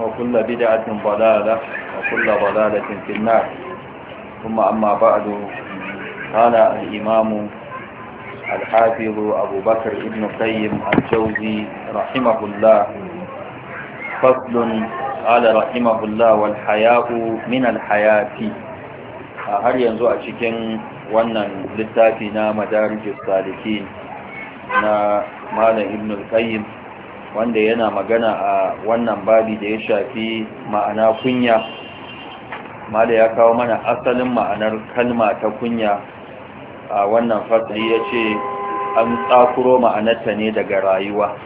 وكل بدعة ضلالة وكل ضلالة في النار ثم أما بعد قال الإمام الحافظ أبو بكر ابن القيم الجوزي رحمه الله فصل قال رحمه الله والحياء من الحياة هل ينزو أشكين وانا لتافنا مدارج السالكين na malam ibn al-qayyim wanda yana magana a wannan babi da ya shafi ma'ana kunya ma da ya kawo mana asalin ma'anar kalma ta kunya a wannan fasali ya ce an tsakuro ma'anarta ne daga rayuwa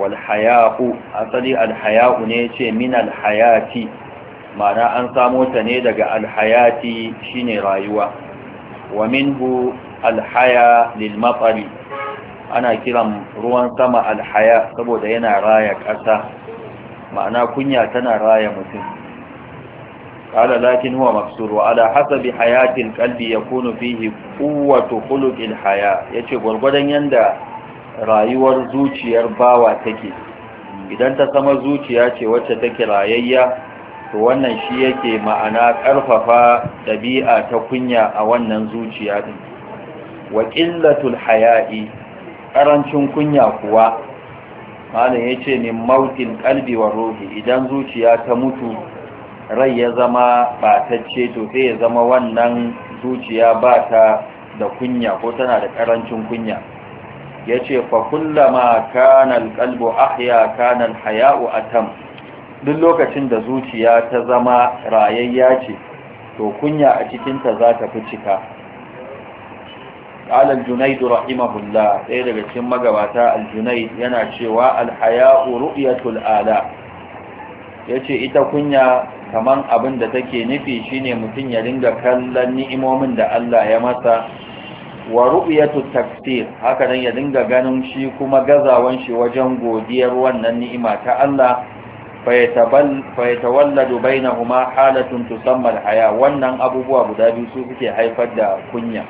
walhaya'u asali alhaya'u ne ce min alhayati ma'ana an samo ta ne daga alhayati shine rayuwa wa minhu alhaya lil matsari ana kiran ruwan sama alhaya saboda yana raya ƙasa ma'ana kunya tana raya mutum qala lakin huwa maksur wa ala hasabi hayatil qalbi yakunu fihi quwwatu khuluqil yace gurgurdan yanda rayuwar zuciyar bawa take idan ta sama zuciya ce wacce take rayayya to wannan shi yake ma'ana ƙarfafa ɗabi'a ta kunya a wannan zuciya din wa qillatul haya'i ƙarancin kunya kuwa malam ya ce ne mautin kalbi wa rohi idan zuciya ta mutu rai ya zama batacce to sai ya zama wannan zuciya ba ta da kunya ko tana da ƙarancin kunya ya ce fa kullama kanal kalbu ahya kanal haya'u atam duk lokacin da zuciya ta zama rayayya ce to kunya a cikinta za ta fi cika قال junaidu رحمه الله ɗaya daga cikin magabata aljunaid yana cewa alhaya'u ru'yatul ala yace ita kunya kaman abin da take nufi shine mutum ya ringa kallon ni'imomin da Allah ya masa wa ru'yatut taksir haka dan ya dinga ganin shi kuma gazawan shi wajen godiyar wannan ni'ima ta Allah fa yatawalladu bainahuma halatun tusamma alhaya wannan abubuwa guda biyu su suke haifar da kunya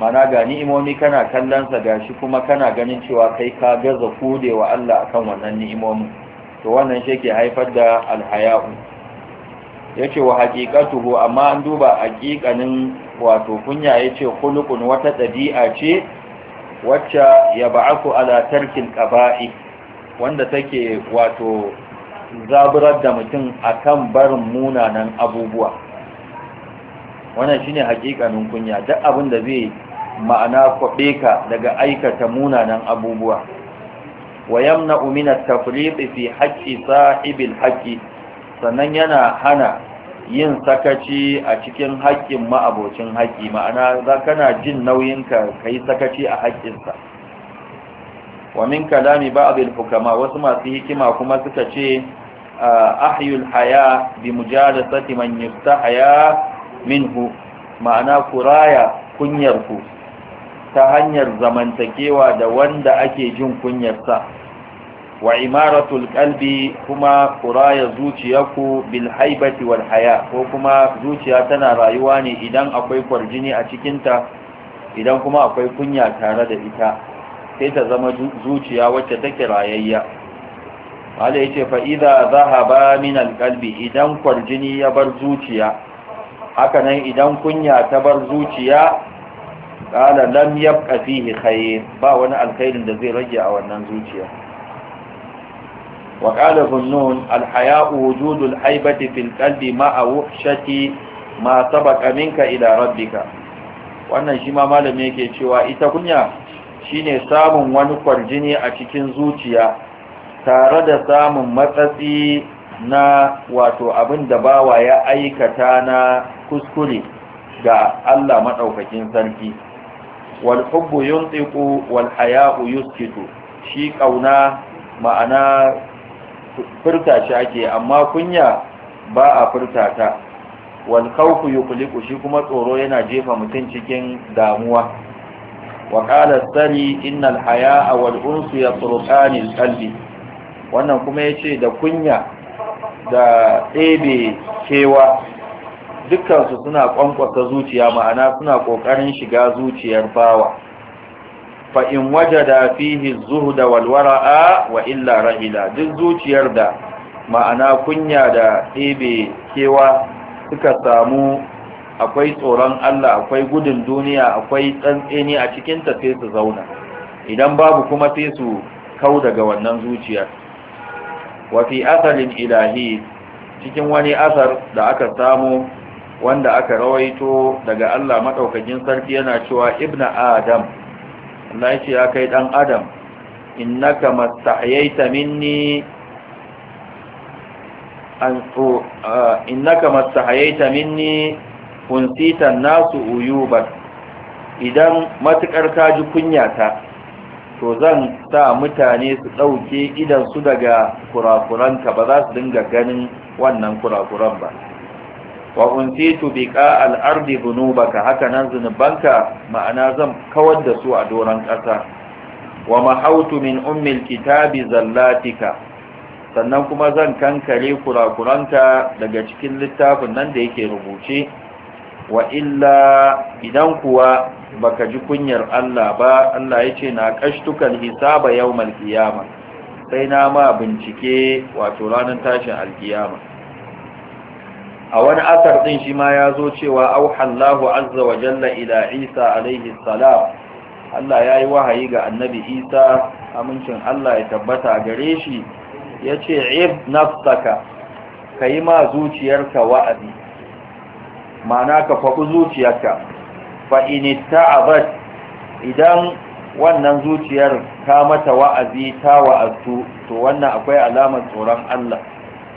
mana ga ni'imomi kana kallonsa gashi kuma kana ganin cewa kai ka gaza wa Allah akan wannan ni'imomi to wannan shi yake haifar da alhaya'u yace wa haqiqatuhu amma an duba haqiqanin wato kunya yace kulukun wata ɗabi'a ce wacce ya ba'aku ala tarkin qaba'i wanda take wato zaburar da mutum akan barin munanan abubuwa wannan shine hakikanin kunya duk abin da zai ma'ana kwabe ka daga aikata munanan abubuwa wa yamna'u min at-tafriq fi haqqi sahibil haqqi sannan yana hana yin sakaci a cikin haƙƙin ma'abocin haƙƙi ma'ana za kana jin nauyin ka yi sakaci a haƙƙinsa wa min kalami ba'd hukama wasu masu hikima kuma suka ce ah, ahyul haya bi mujalasati man yastahya minhu ma'ana ku raya kunyarku ta hanyar zamantakewa da wanda ake jin kunyarsa wa imaratul kalbi kuma ku raya zuciyarku bil haibati wal haya ko kuma zuciya tana rayuwa ne idan akwai kwarjini a cikinta idan kuma akwai kunya tare da ita sai ta zama zuciya wacce take rayayya Allah ya ce fa idza zahaba min al idan kwarjini ya bar zuciya haka nan idan kunya ta bar zuciya qala lam yabqa fihi khayr ba wani alkhairin da zai rage a wannan zuciya wa qala zunnun alhaya'u wujudul haibati fil qalbi ma'a wahshati ma sabaqa minka ila rabbika wannan shi ma malami yake cewa ita kunya shine samun wani kwarjini a cikin zuciya tare da samun matsatsi na wato abin da bawa ya aikata na kuskure ga Allah maɗaukakin sarki wal hubbu yuntiqu wal haya'u yuskitu shi kauna ma'ana furta shi ake amma kunya ba a furta ta wal khawfu yuqliqu shi kuma tsoro yana jefa mutum cikin damuwa wa qala sari innal haya'a wal unsu yatruqani al qalbi wannan kuma yace da kunya da ɗebe kewa dukkansu suna ƙwanƙwasa zuciya ma'ana suna ƙoƙarin shiga zuciyar bawa fa'in waje da fihi zuhu da walwara a wa illa rahila duk zuciyar da ma'ana kunya da ɗebe kewa suka samu akwai tsoron Allah akwai gudun duniya akwai tsantseni a cikinta sai su zauna idan babu kuma sai su kau daga wannan zuciyar wafi asalin ilahi cikin wani asar da aka samu wanda aka rawaito daga Allah maɗaukakin sarki yana cewa ibna adam Allah ce ya kai ɗan adam innaka mastahyaita minni an to innaka mastahyaita minni nasu uyubat idan matukar kaji ji kunyata to zan sa mutane su ɗauke su daga kurakuranka ba za su dinga ganin wannan kurakuran ba wa unsitu tubiƙa al-ardi dhunubaka haka nan zunubanka ma'ana zan kawar da su a doron ƙasa wa mahautu min ummil kitabi zallatika sannan kuma zan kankare kurakuranka daga cikin littafin nan da yake rubuce wa illa idan kuwa baka ji kunyar Allah ba Allah ya ce na kashtukan hisaba yawmal qiyama sai na ma bincike wato ranar tashin alkiyama a wani asar din shi ma ya zo cewa auhallahu azza wa jalla ila isa alaihi salam Allah ya yi wahayi ga annabi isa amincin Allah ya tabbata gare shi ya ce ib nafsaka ka yi ma zuciyarka wa'adi, ma'ana ka faɗi zuciyarka fa'ini ta'abat idan wannan zuciyar ta mata wa'azi ta wa'azu to wannan akwai alamar tsoron Allah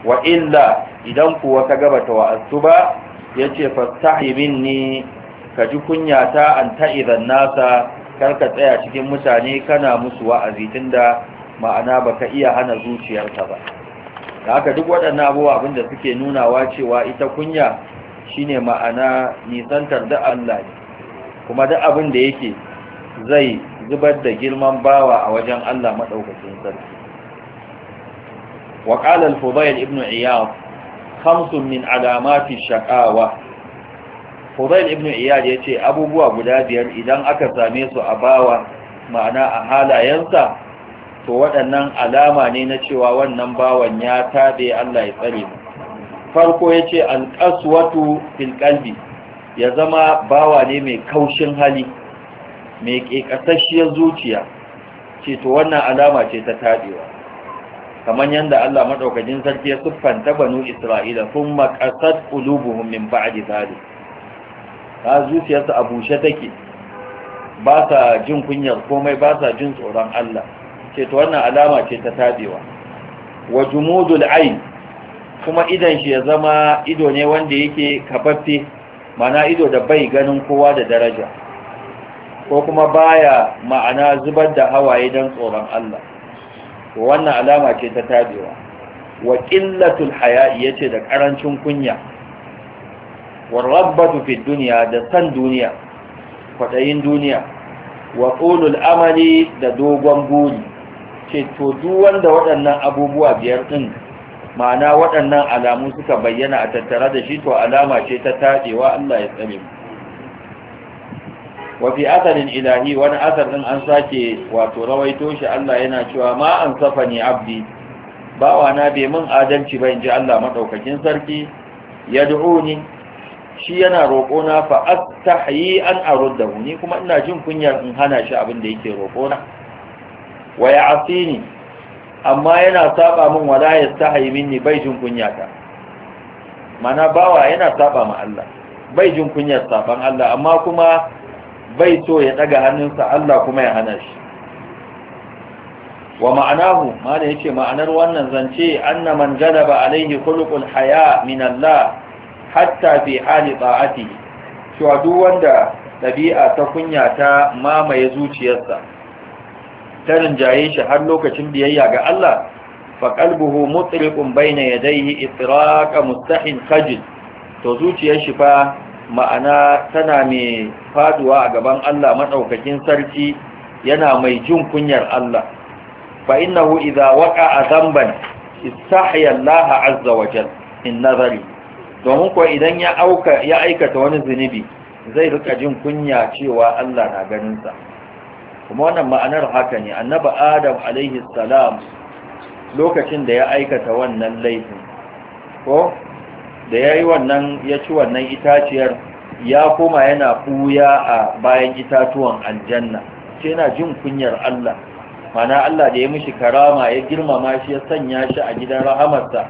wa illa idan kuwa ka gaba ta wa'azu ba yace ce fastahi minni ka ji kunya ta an ta'idan nasa karka tsaya cikin mutane kana musu wa'azi tunda ma'ana baka iya hana zuciyarta ba da haka duk waɗannan abubuwa abinda suke nunawa cewa ita kunya shine ma'ana nisantar da Allah ne kuma da abin da yake zai zubar da girman bawa a wajen Allah maɗaukacin sarki wa qala ibn iyad khamsun min alamati shaqawa fudayl ibn iyad yace abubuwa guda biyar idan aka same su a bawa ma'ana a halayensa to waɗannan alama ne na cewa wannan bawan ya tabe Allah ya tsare mu farko yace al-qaswatu fil qalbi ya zama bawa ne mai kaushin hali mai ƙeƙasasshiyar zuciya ce to wannan alama ce ta taɗewa kamar yadda Allah maɗaukacin sarki ya siffanta banu Isra'ila sun maƙasar ƙulubuhun min ba'adi zari ta zuciyarsa a bushe take ba sa jin kunyar komai ba sa jin tsoron Allah ce to wannan alama ce ta taɗewa wa jumudul ain kuma idan shi ya zama ido ne wanda yake kafaffe mana ido da bai ganin kowa da daraja ko kuma baya ma'ana zubar da hawaye don tsoron Allah wannan alama ce ta tabewa wa qillatul haya'i yace da karancin kunya wa rabbatu fid dunya da san duniya kwadayin duniya wa qulul amali da dogon buri ce to duk wanda waɗannan abubuwa biyar din ma'ana waɗannan alamu suka bayyana a tattara da shi to alama ce ta taɗewa Allah ya tsare mu wa fi ilahi wani asar din an sake wato rawaito shi Allah yana cewa ma an safa ni abdi bawa na bai min adalci ba inji Allah maɗaukakin sarki Ya yad'uni shi yana roƙo na fa astahyi an aruddahu ni kuma ina jin kunyar in hana shi abin da yake roƙo na wa ya'sini amma yana saba min wala ya yastahi minni bai jin kunyata mana bawa yana saba ma Allah bai jin kunyar saban Allah amma kuma bai so ya daga hannunsa Allah kuma ya hana shi wa ma'anahu mana yace ma'anar wannan zance anna man galaba alaihi khuluqul haya min Allah hatta fi hali ta'ati cewa duk wanda dabi'a ta kunya ta mamaye zuciyarsa tarin jaye shi har lokacin biyayya ga Allah fa qalbuhu baina ya yadayhi ifraqa mustahin khajil to zuciyar shi fa ma'ana tana mai faduwa a gaban Allah madaukakin sarki yana mai jin kunyar Allah fa innahu idza waqa'a dhanban istahya Allah azza wa in nazari domin kuwa idan ya aikata wani zunubi zai rika jin kunya cewa Allah na ganinsa. kuma wannan ma'anar haka ne annaba adam alaihi salam lokacin da ya aikata wannan laifin ko da ya wannan ya ci wannan itaciyar ya koma yana buya a bayan itatuwan aljanna ce yana jin kunyar Allah mana Allah da ya mishi karama ya girmama shi ya sanya shi a gidan rahamarsa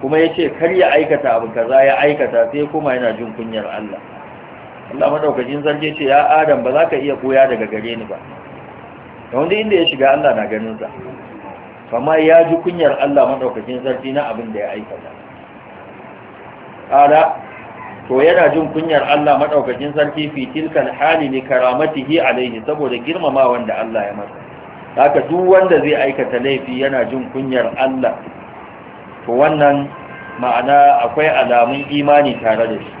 kuma ya ce kar ya aikata abu kaza ya aikata sai kuma yana jin kunyar Allah Allah madaukakin zarge ce ya adam ba za ka iya buya daga gare ni ba wanda inda ya shiga Allah na ganin sa amma ya ji kunyar Allah madaukakin sarki na abin da ya aikata ara to yana jin kunyar Allah madaukakin sarki fi tilkal hali ni karamatihi alaihi saboda girmama da Allah ya masa haka duk wanda zai aikata laifi yana jin kunyar Allah to wannan ma'ana akwai alamun imani tare da shi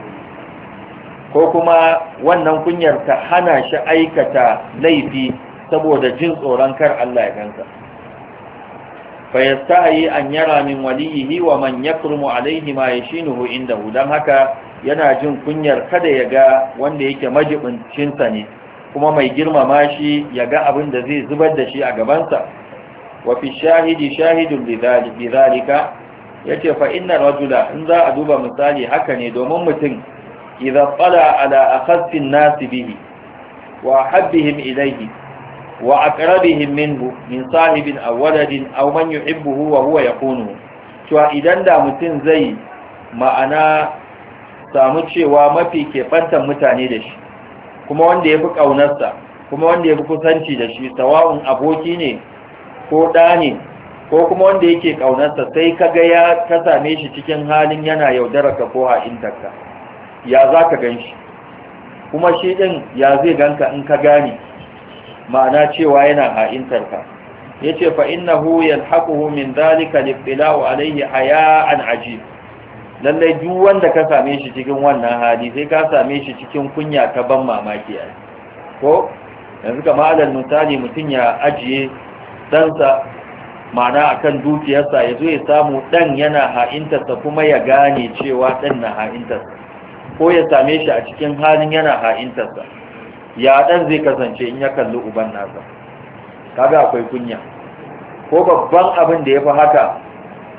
ko kuma wannan kunyar ta hana shi aikata laifi saboda jin tsoron kar Allah ya gansa fa yastahi an yara min waliyihi wa man yakrumu alaihi ma yashinuhu indahu dan haka yana jin kunyar kada ya ga wanda yake majibincin sa ne kuma mai girmama shi ya ga abin da zai zubar da shi a gabansa wa fi shahidi shahidun lidhalika yace fa inna rajula in za a duba misali haka ne domin mutum idza qala ala akhassin nasi bihi wa habbihim ilayhi wa aqrabihim minhu min sahibin aw waladin aw man yuhibbuhu wa huwa cewa idan da mutum zai ma'ana samu cewa mafi keɓantar mutane da shi kuma wanda ya fi ƙaunarsa kuma wanda ya fi kusanci da shi sawa'un aboki ne ko ɗa ne ko kuma wanda yake ƙaunarsa sai ka ga ya ka same shi cikin halin yana yaudararka ko ha'intarka ya za ka gan kuma shi ɗin ya zai ganka in ka gane ma'ana cewa yana ha'intar ka yace fa innahu yalhaquhu min dhalika liftila'u a haya'an ajib lalle duk wanda ka same shi cikin wannan hali sai ka same shi cikin kunya ta ban mamaki ai ko yanzu kamar alal misali mutum ya ajiye ɗansa ma'ana akan dukiyarsa ya zo ya samu ɗan yana ha'intarsa kuma ya gane cewa ɗan na ha'intarsa ko ya same shi a cikin halin yana ha'intarsa ya dan zai kasance in ya kalli uban nasa kaga akwai kunya ko babban abin da ya fi haka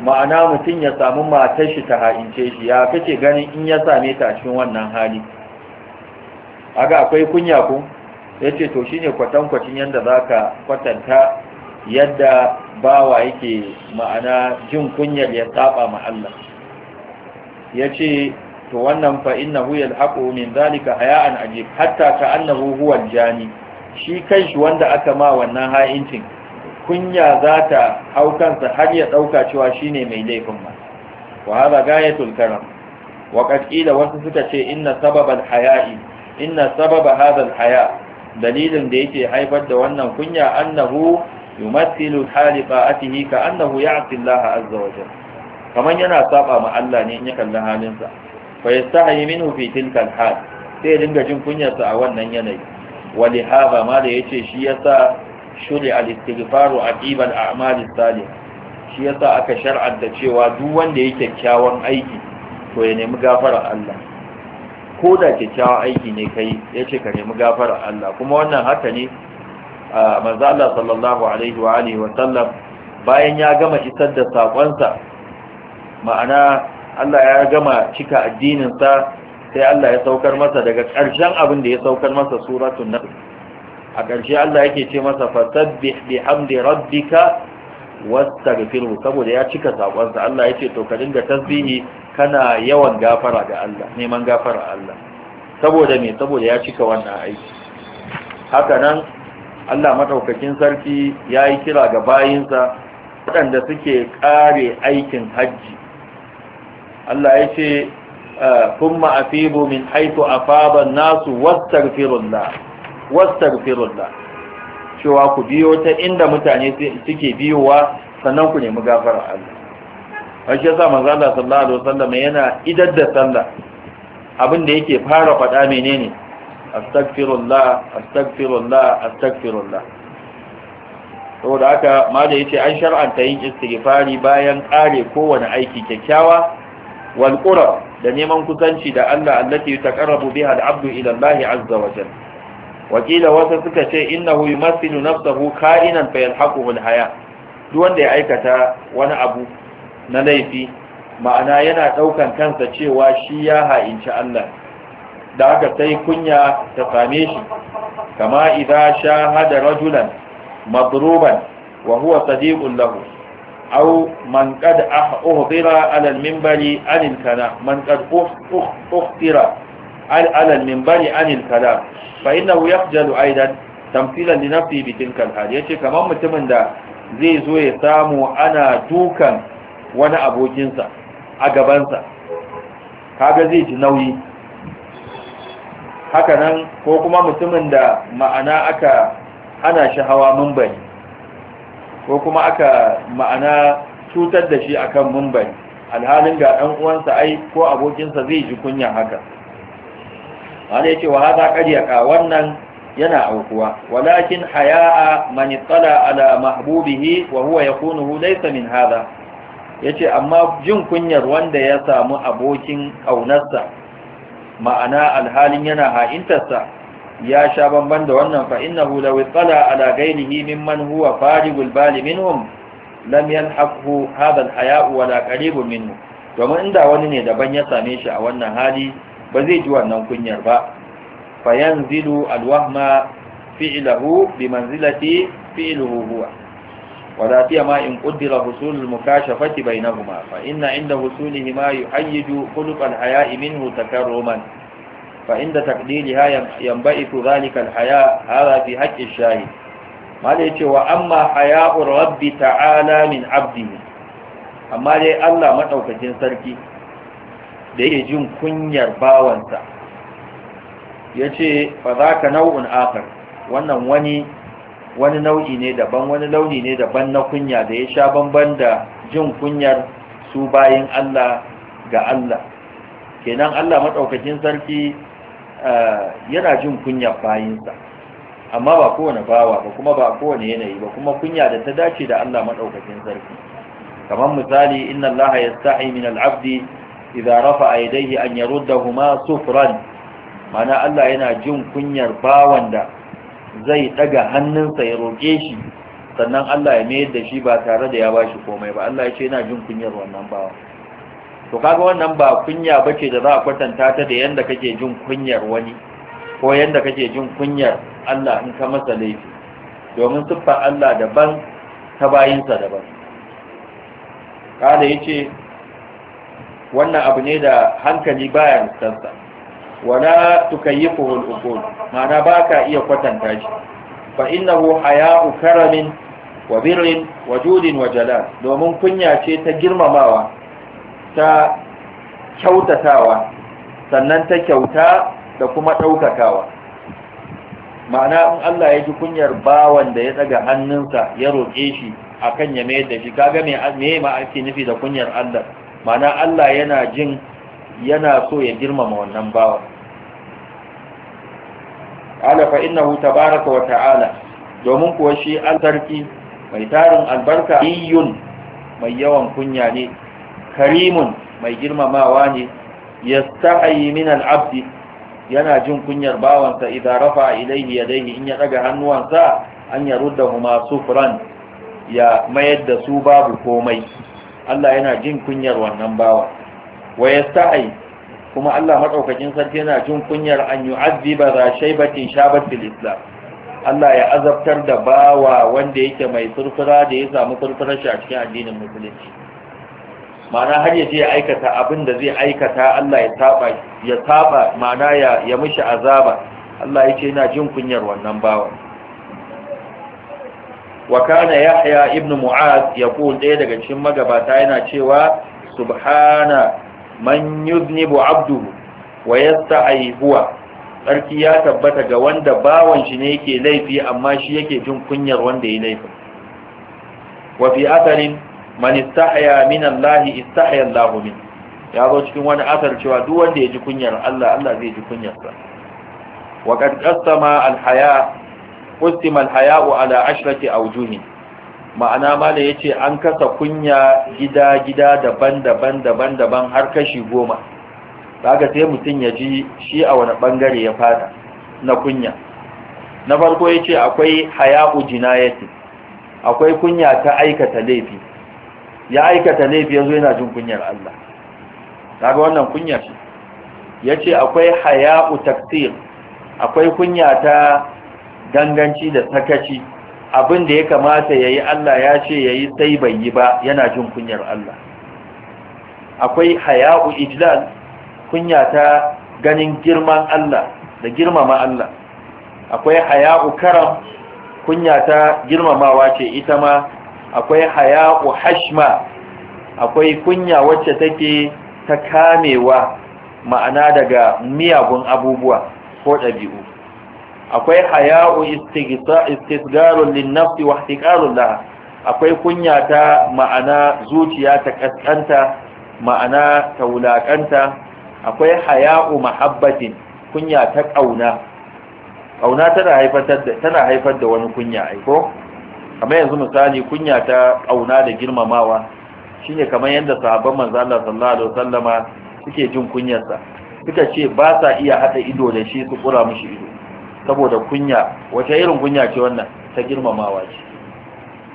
ma'ana mutum ya samu matar shi ta ha'ince shi ya kace ganin in ya same ta cikin wannan hali aga akwai kunya ku yace to shine kwatankwacin yadda za ka kwatanta yadda bawa yake ma'ana jin kunyar ya saba ma Allah yace to wannan fa innahu yalhaqu min zalika haya'an ajib hatta ka annahu huwa jani shi kanshi wanda aka ma wannan ha'incin kunya za ta hau kansa har ya ɗauka cewa shine mai laifin ma wa haza gayatul karam wa wasu suka ce inna sababal haya'i inna sababa hadal haya dalilin da yake haifar da wannan kunya annahu yumathilu atihi, ka annahu ya'ti Allah azza wa kaman yana saba ma Allah ne in ya kalli halinsa fa yastahi minhu fi tilka al sai ya dinga jin kunyarsa a wannan yanayi wali haba ma da yace shi sa shuri al-istighfaru aqiba al-a'mal as-salih shi sa aka shar'anta cewa duk wanda yake kyakkyawan aiki to ya nemi gafarar Allah ko da kyakkyawan aiki ne kai yace ka nemi gafarar Allah kuma wannan haka ne manzo Allah sallallahu alaihi wa alihi wa sallam bayan ya gama isar da sakonsa ma'ana Allah ya gama cika addininsa sai Allah ya saukar masa daga ƙarshen abin da ya saukar masa suratun nan a ƙarshe Allah yake ce masa fasabbih bihamdi rabbika wastaghfir saboda ya cika sakonsa Allah yake to ka dinga tasbihi kana yawan gafara ga Allah neman gafara Allah saboda me saboda ya cika wannan aiki haka nan Allah madaukakin sarki yayi kira ga bayinsa waɗanda suke kare aikin hajji Allah ya ce kuma ah, afibu min haitu afaba nasu wastaghfirullah wastaghfirullah cewa ku biyo ta inda mutane suke biyowa sannan ku nemi gafara Allah ashe yasa manzo Allah sallallahu alaihi wasallam yana idar da sallah abin da yake fara faɗa menene astaghfirullah astaghfirullah astaghfirullah saboda haka mala ce an shar'anta yin istighfari bayan kare kowane aiki kyakkyawa wal da neman kusanci da Allah allati taqarrabu biha al-abdu ila Allah azza wa jalla wakila wasu suka ce innahu yumathilu nafsahu ka'inan fa yalhaquhu al-haya duk wanda ya aikata wani abu na laifi ma'ana yana ɗaukan kansa cewa shi ya ha'inci Allah da haka sai kunya ta same shi kama idza sha rajulan madruban wa huwa sadiƙun lahu أو من قد أخبر على المنبر عن الكلام من قد أخبر على المنبر عن الكلام فإنه يخجل أيضا zai zo ya samu ana dukan wani abokinsa a gabansa kaga zai ji nauyi hakanan ko kuma mutumin da ma'ana aka hana shahawa hawa mumbari ko kuma aka ma'ana cutar da shi a kan mumbai alhalin ga ɗan uwansa ai ko abokinsa zai ji kunya haka wanda ya ce wa haza ka wannan yana aukuwa walakin haya'a manitsala ala mahbubihi wa huwa ya yakunuhu laysa min ya ce amma jin kunyar wanda ya samu abokin ƙaunarsa ma'ana alhalin yana ha'intarsa ya sha bamban da wannan fa innahu law ittala ala ghayrihi mimman huwa farigul bali minhum lam yalhaqhu hadha al-haya'u wala qaribun minhu domin inda wani ne daban ya same shi a wannan hali ba zai ji wannan kunyar ba fa yanzilu al-wahma fi'luhu bi manzilati fi'luhu huwa ma in ولا سيما إن قدر حصول المكاشفة بينهما فإن عند حصولهما يحيج خلق الحياء منه تكرما fa’inda takdiliya yambaitu zalikan haya hada fi haƙƙin shahid ma ya ce wa amma haya urabbi ta’ala min abdi amma dai Allah maɗaukacin sarki da yake jin kunyar bawansa ya ce ba za ka nau’un akar wannan wani wani nau’i ne daban wani launi ne daban na kunya da ya sha banban da jin kunyar su bayin Allah ga Allah kenan Allah maɗaukacin sarki Eh, yana jin kunyar bayinsa amma ba kowane bawa ba kuma ba kowane yanayi ba kuma kunya da ta dace da Allah madaukakin sarki kamar misali inna Allah yastahi min al-abdi idza rafa yadayhi an yaruddahuma sufran mana Allah yana jin kunyar bawan da zai daga hannunsa ya roke shi sannan Allah ya mayar da shi ba tare da ya bashi komai ba Allah ya ce yana jin kunyar wannan bawan to kaga wannan ba kunya bace da za a kwatanta ta da yanda kake jin kunyar wani ko yanda kake jin kunyar Allah in ka masa laifi domin siffar Allah daban ta bayinsa daban kada yace wannan abu ne da hankali baya riskarsa wala tukayyifuhu al-uqul ma'ana baka iya kwatanta shi fa innahu haya'u karamin wa birrin wa judin wa jalal domin kunya ce ta girmamawa ta kyautatawa sannan ta kyauta da kuma ɗaukakawa ma'ana in Allah ya ji kunyar bawan da ya daga hannunsa ya roƙe shi akan ya mayar da shi kaga me ma ake nufi da kunyar Allah ma'ana Allah yana jin yana so ya girmama wannan bawan ala fa innahu tabaraka wa ta'ala domin kuwa shi al tarki mai tarin albarka iyun mai yawan kunya ne karimun mai girmamawa ne yastahi min al yana jin kunyar bawansa idan rafa ilayhi yadayhi in ya daga hannuwansa an masu furan ya mayar da su babu komai Allah yana jin kunyar wannan bawa wa kuma Allah madaukakin sarki yana jin kunyar an yu'azziba za shaybatin shabat fil islam Allah ya azabtar da bawa wanda yake mai furfura da ya samu furfurar shi a cikin addinin musulunci mana har yaje ya aikata abin da zai aikata Allah ya saba ya saba mana ya ya mishi azaba Allah yake ina jin kunyar wannan bawa. wa kana yahya ibn ya yaqul dai daga cikin magabata yana cewa subhana man yuznibu abduhu wa aihuwa, sarki ya tabbata ga wanda bawan shi ne yake laifi amma shi yake jin kunyar wanda ya laifin wa fi atharin man istahya min Allah istahya Allah min ya zo cikin wani asar cewa duk wanda ya ji kunyar Allah Allah zai ji kunyar sa wa qad qasama al haya qasima al haya ala ashrati awjuhin ma'ana mala yace an kasa kunya gida gida daban-daban daban-daban har kashi goma kaga sai mutun ya ji shi a wani bangare ya fada na kunya na farko yace akwai haya'u jinayati akwai kunya ta aikata laifi ya aikata laifi yanzu yana jin kunyar Allah kaga wannan kunya ce yace akwai haya'u taktir akwai kunya ta ganganci da sakaci abin da ya kamata yayi Allah ya ce yayi sai bai yi ba yana jin kunyar Allah akwai haya'u ijlal kunya ta ganin girman Allah da girmama Allah akwai haya'u karam kunya ta girmamawa ce ita ma akwai haya'u hashma akwai kunya wacce take ta kamewa ma'ana daga miyagun abubuwa ko ɗabi'u akwai haya'u istisgarun linnafsi wa ihtiqarun laha akwai kunya ta ma'ana zuciya ta kaskanta ma'ana ta wulakanta akwai haya'u mahabbatin kunya ta kauna kauna haifar da tana haifar da wani kunya aiko kamar yanzu misali kunya ta auna da girmamawa shine kamar yadda sahabban manzo Allah sallallahu alaihi wasallama suke jin kunyarsa suka ce ba sa iya hada ido da shi su kura mishi ido saboda kunya wace irin kunya ce wannan ta girmamawa ce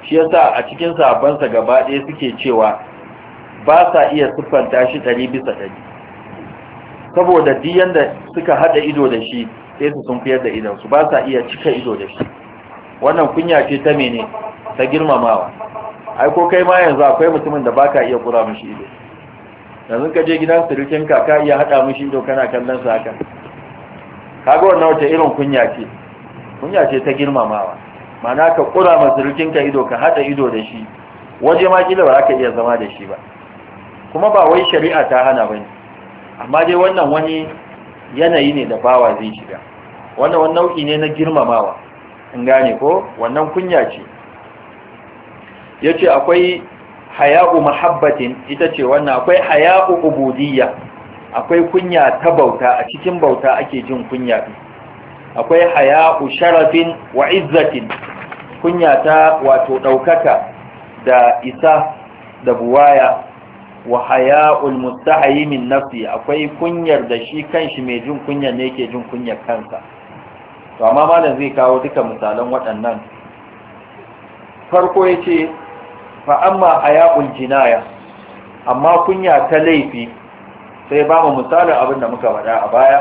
shi yasa a cikin sahabban sa gaba ɗaya suke cewa ba sa iya siffanta shi ɗari bisa ɗari saboda duk yanda suka hada ido da shi sai su sun fiyar da idan su ba sa iya cika ido da shi wannan kunya ce ta mene ta girmamawa ai ko kai ma yanzu akwai mutumin da baka iya kura mishi ido yanzu ka je gidan sirikin ka ka iya hada mishi ido kana kallon sa haka kaga wannan wata irin kunya ce kunya ce ta girmamawa Mana ka kura ma sirikin ka ido ka hada ido da shi waje ma kila ba ka iya zama da shi ba kuma ba wai shari'a ta hana bane amma dai wannan wani yanayi ne da bawa zai shiga wannan wani nau'i ne na girmamawa in gane ko wannan kunya ce ya ce akwai haya'u mahabbatin ita ce wannan akwai haya'u ubudiyya akwai kunya ta bauta a cikin bauta ake jin kunya akwai haya'u sharafin wa izzatin kunya ta wato ɗaukaka da isa da buwaya wa haya'ul mustahayimin min nafsi akwai kunyar da shi kanshi mai jin kunya ne yake jin kunyar kansa to amma malam zai kawo duka misalan waɗannan farko ya ce fa amma yaƙun jinaya amma kunya ta laifi sai ba mu misalin abin da muka faɗa a baya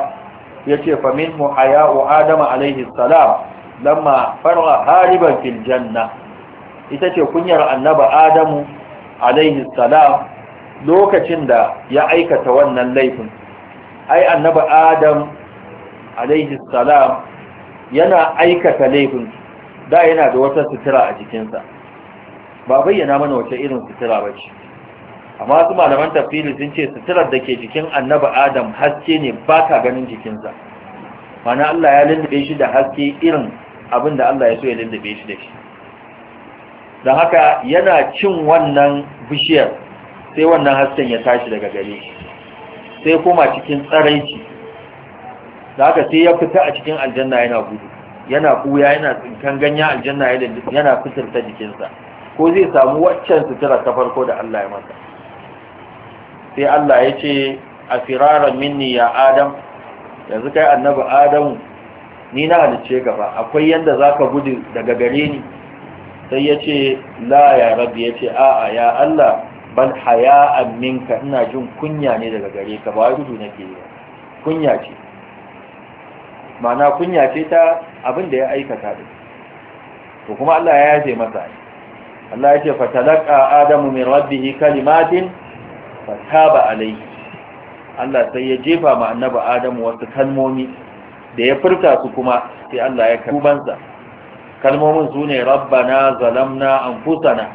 ya ce fa a haya'u adama alaihi salam lamma farra hariban fil janna ita ce kunyar annaba adamu alaihi salam lokacin da ya aikata wannan laifin ai annaba adam alaihi salam yana aikata laifin da yana da wata sutura a jikinsa ba bayyana mana wace irin sutura ba ce amma su malaman tafsiri sun ce suturar da ke jikin annabi adam haske ne ba ka ganin jikinsa mana Allah ya lullube shi da haske irin abin da Allah ya so ya lullube shi da shi don haka yana cin wannan bishiyar sai wannan hasken ya tashi daga gare shi sai kuma cikin tsaraici da haka sai ya fita a cikin aljanna yana gudu yana kuya yana tsinkan ganyen aljanna yana fitarta jikinsa ko zai samu waccan sutura ta farko da Allah ya masa sai Allah ya ce a firaran minni ya adam yanzu kai annabi adamu ni na halice gaba akwai yadda za ka gudu daga gare ni sai ya ce la ya rabbi ya ce a'a ya Allah ban haya minka ina jin kunya ne daga gare ka ba gudu nake yi kunya ce ma'ana kunya ce ta abin da ya aikata da to kuma Allah ya yaje masa Allah ya ce fatalaka adamu min rabbih kalimatin fataba alayhi Allah sai ya jefa ma annabi adamu wasu kalmomi da ya furta su kuma sai Allah ya karbansa kalmomin su ne rabbana zalamna anfusana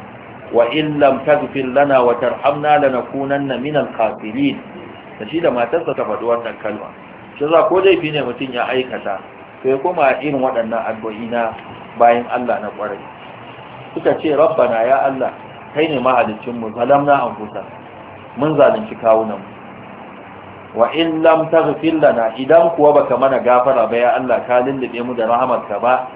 wa in lam taghfir lana wa tarhamna lanakunanna minal khasirin da shi da matarsa ta faɗi wannan kalma shi za ko fi ne mutum ya aikata to ya a irin waɗannan addu'o'i na bayan Allah na ƙwarai suka ce rabbana ya Allah kai ne mahalicin mu zalamna anfusa mun zalunci kawunan mu wa in lam taghfir lana idan kuwa baka mana gafara ba ya Allah ka lullube mu da rahamarka ba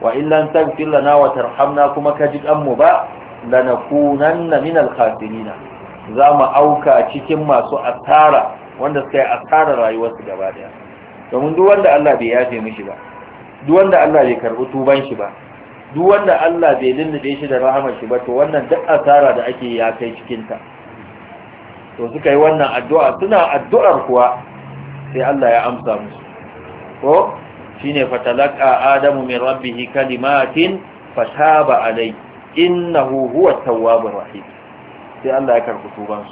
wa in lam taghfir lana wa tarhamna kuma ka ji kan mu ba lanakunanna minal khasirin za mu auka cikin masu asara wanda suka yi asarar rayuwarsu gaba daya domin duk wanda Allah bai yafe mishi ba duk wanda Allah bai karbi tuban shi ba duk wanda Allah bai lullube shi da rahamar shi ba to wannan duk asara da ake ya kai cikin ta to suka yi wannan addu'a suna addu'ar kuwa sai Allah ya amsa musu ko shine fatalaqa adamu min rabbih kalimatin fataba alai innahu huwa tawwabur rahim sai Allah ya karbi tuban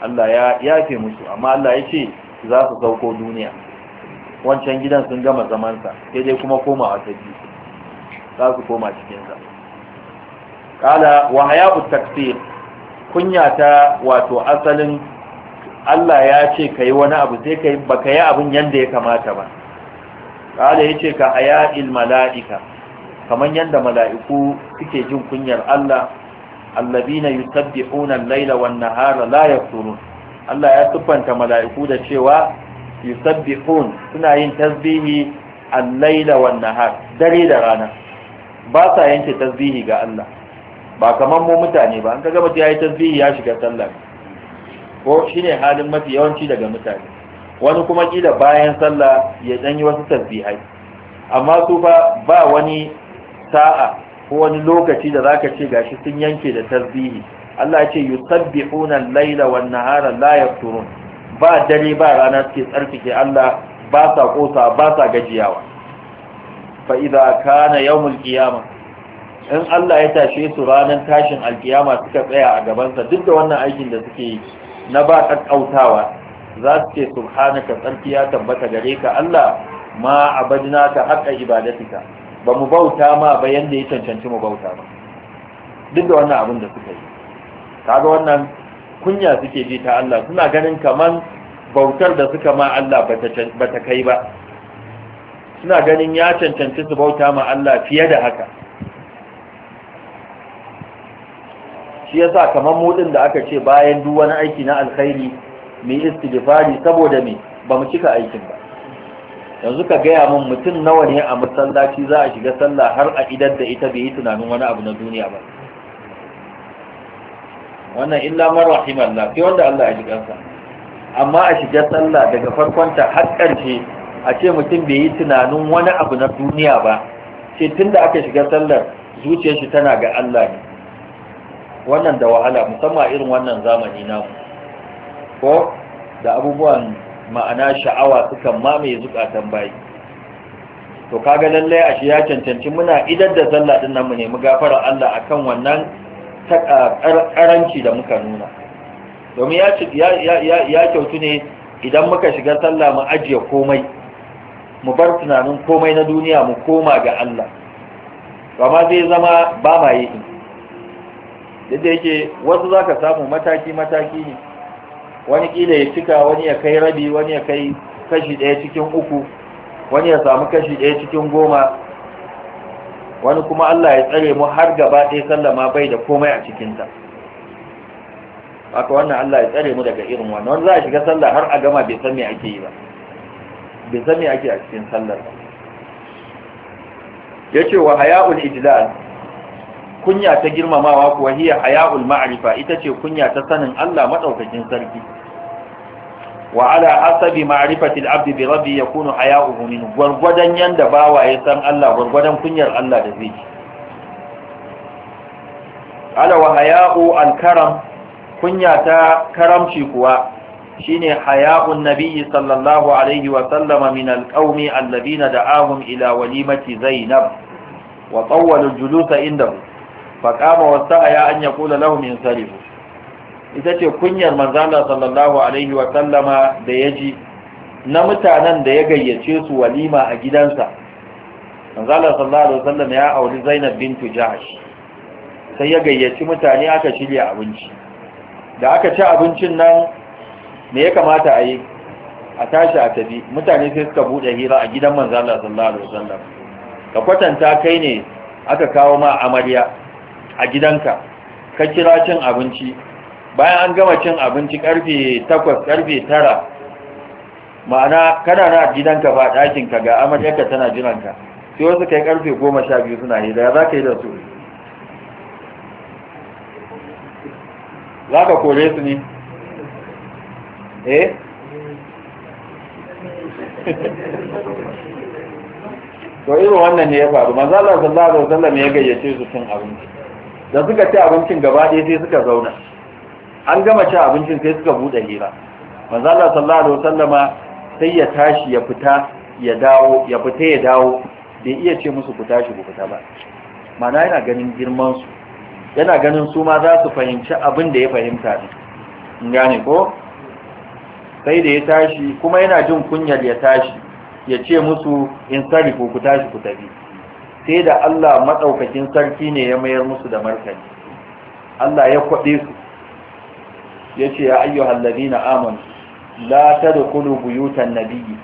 Allah ya yafe musu amma Allah ya ce za su sauko duniya wancan gidan sun gama zamansa sai dai kuma koma a tafi za su koma cikinsa kala wa haya'u taksir kunya ta wato asalin Allah ya ce ka yi wani abu sai kai baka yi abun yanda ya kamata ba kala ya ce ka il mala'ika kamar yadda mala'iku suke jin kunyar Allah allabina yusabbihuna al-laila wan-nahara la yafturun Allah ya tuffanta mala'iku da cewa yusabbihun suna yin tasbihi al-laila wan-nahar dare da rana ba sa yanke tasbihi ga Allah ba kamar mu mutane ba an kaga mutum yayi tasbihi ya shiga sallah ko shine halin mafi yawanci daga mutane wani kuma kila bayan sallah ya danyi wasu tasbihai amma su fa ba wani sa'a ko wani lokaci da za ka ce gashi sun yanke da tasbihi Allah ya ce yusabbihuna al-laila wan-nahara la yafturun ba dare ba rana suke tsarkake Allah ba sa kosa ba sa gajiyawa fa idza kana yawmul in Allah ya tashe su ranar tashin alkiyama suka tsaya a gabansa duk da wannan aikin da suke yi na ba ƙaƙƙautawa, za su ce subhanaka tsarki ya tabbata gare ka Allah ma ka haƙa ibadatika ba mu bauta ma ba yadda ya cancanci mu bauta ba duk da wannan abin da suka yi kaga wannan kunya suke ji ta Allah suna ganin kaman bautar da suka ma Allah ba ta kai ba suna ganin ya cancanci su bauta ma Allah fiye da haka shi ya sa kamar mudin da aka ce bayan duk wani aiki na alkhairi mai istighfari saboda me ba mu cika aikin ba yanzu ka gaya min mutum nawa ne a masallaci za a shiga sallah har a idan da ita bai yi tunanin wani abu na duniya ba wannan illa man la sai wanda Allah ya shiga sa amma a shiga sallah daga farkon ta har ƙarshe a ce mutum bai yi tunanin wani abu na duniya ba ce tunda aka shiga sallar zuciyar shi tana ga Allah ne wannan da wahala musamman irin wannan zamani namu ko da abubuwan ma'ana sha'awa sukan mamaye zukatan bayi to kaga lallai a shi ya cancanci muna idan da sallah din nan mu ne mu gafara Allah akan wannan karanci da muka nuna domin ya kyautu ne idan muka shiga sallah mu ajiye komai mu bar tunanin komai na duniya mu koma ga Allah amma zai zama ba ma yi duk da yake wasu zaka samu mataki-mataki ne wani kila ya cika wani ya kai rabi wani ya kai kashi ɗaya cikin uku wani ya samu kashi ɗaya cikin goma wani kuma Allah ya tsare mu har gaba ɗaya sallama bai da komai a cikinta haka wannan Allah ya tsare mu daga irin wannan wani za a shiga sallah har a gama bai san me ake yi ba bai san me ake a cikin sallar ba yace wa haya'ul ijlal kunya ta girmamawa kuwa hiya haya'ul ma'rifa ita ce kunya ta sanin Allah madaukakin sarki wa ala asabi ma'rifatil abdi bi rabbi yakunu haya'uhu min gurgudan yanda bawa ya san Allah gurgudan kunyar Allah da zai ala wa haya'u al-karam kunya ta karamci kuwa shine haya'un nabiyyi sallallahu alaihi wa sallama min al-qaumi alladhina da'ahum ila walimati zainab wa tawwalu julusa indahu faƙama wasu aya an ya kula lahum yin sarifu ita ce kunyar manzana sallallahu alaihi wa sallama da ya ji na mutanen da ya gayyace su walima a gidansa manzana sallallahu alaihi wa sallama ya auri zainab bintu jahash sai ya gayyaci mutane aka shirya abinci da aka ci abincin nan me ya kamata a yi a tashi a tafi mutane sai suka buɗe hira a gidan manzana sallallahu alaihi wa sallama ka kwatanta kai ne aka kawo ma amarya a gidanka ka kira cin abinci bayan an gama cin abinci karfe 8 karfe 9 ma'ana kana na gidanka ba ɗakin ka ga amaryarka tana jiranka sai wasu kai karfe 12 suna yi daga za ka yi da su za ka kore su ne eh to irin wannan ne ya faru manzala sallallahu alaihi wasallam ya gayyace su cin abinci da suka ci abincin gaba ɗaya sai suka zauna an gama ci abincin sai suka buɗe hira manzala sallallahu alaihi wasallama sai ya tashi ya fita ya dawo ya fita ya dawo bai iya ce musu ku tashi ku fita ba mana yana ganin girman su yana ganin su ma za su fahimci abin da ya fahimta ne in gane ko sai da ya tashi kuma yana jin kunyar ya tashi ya ce musu in sarifu ku tashi ku tafi sai da Allah maɗaukakin sarki ne ya mayar musu da martani Allah ya kwaɗe su ya ce ya ayyu hallabi na amon la ta da kulu buyutan biyu.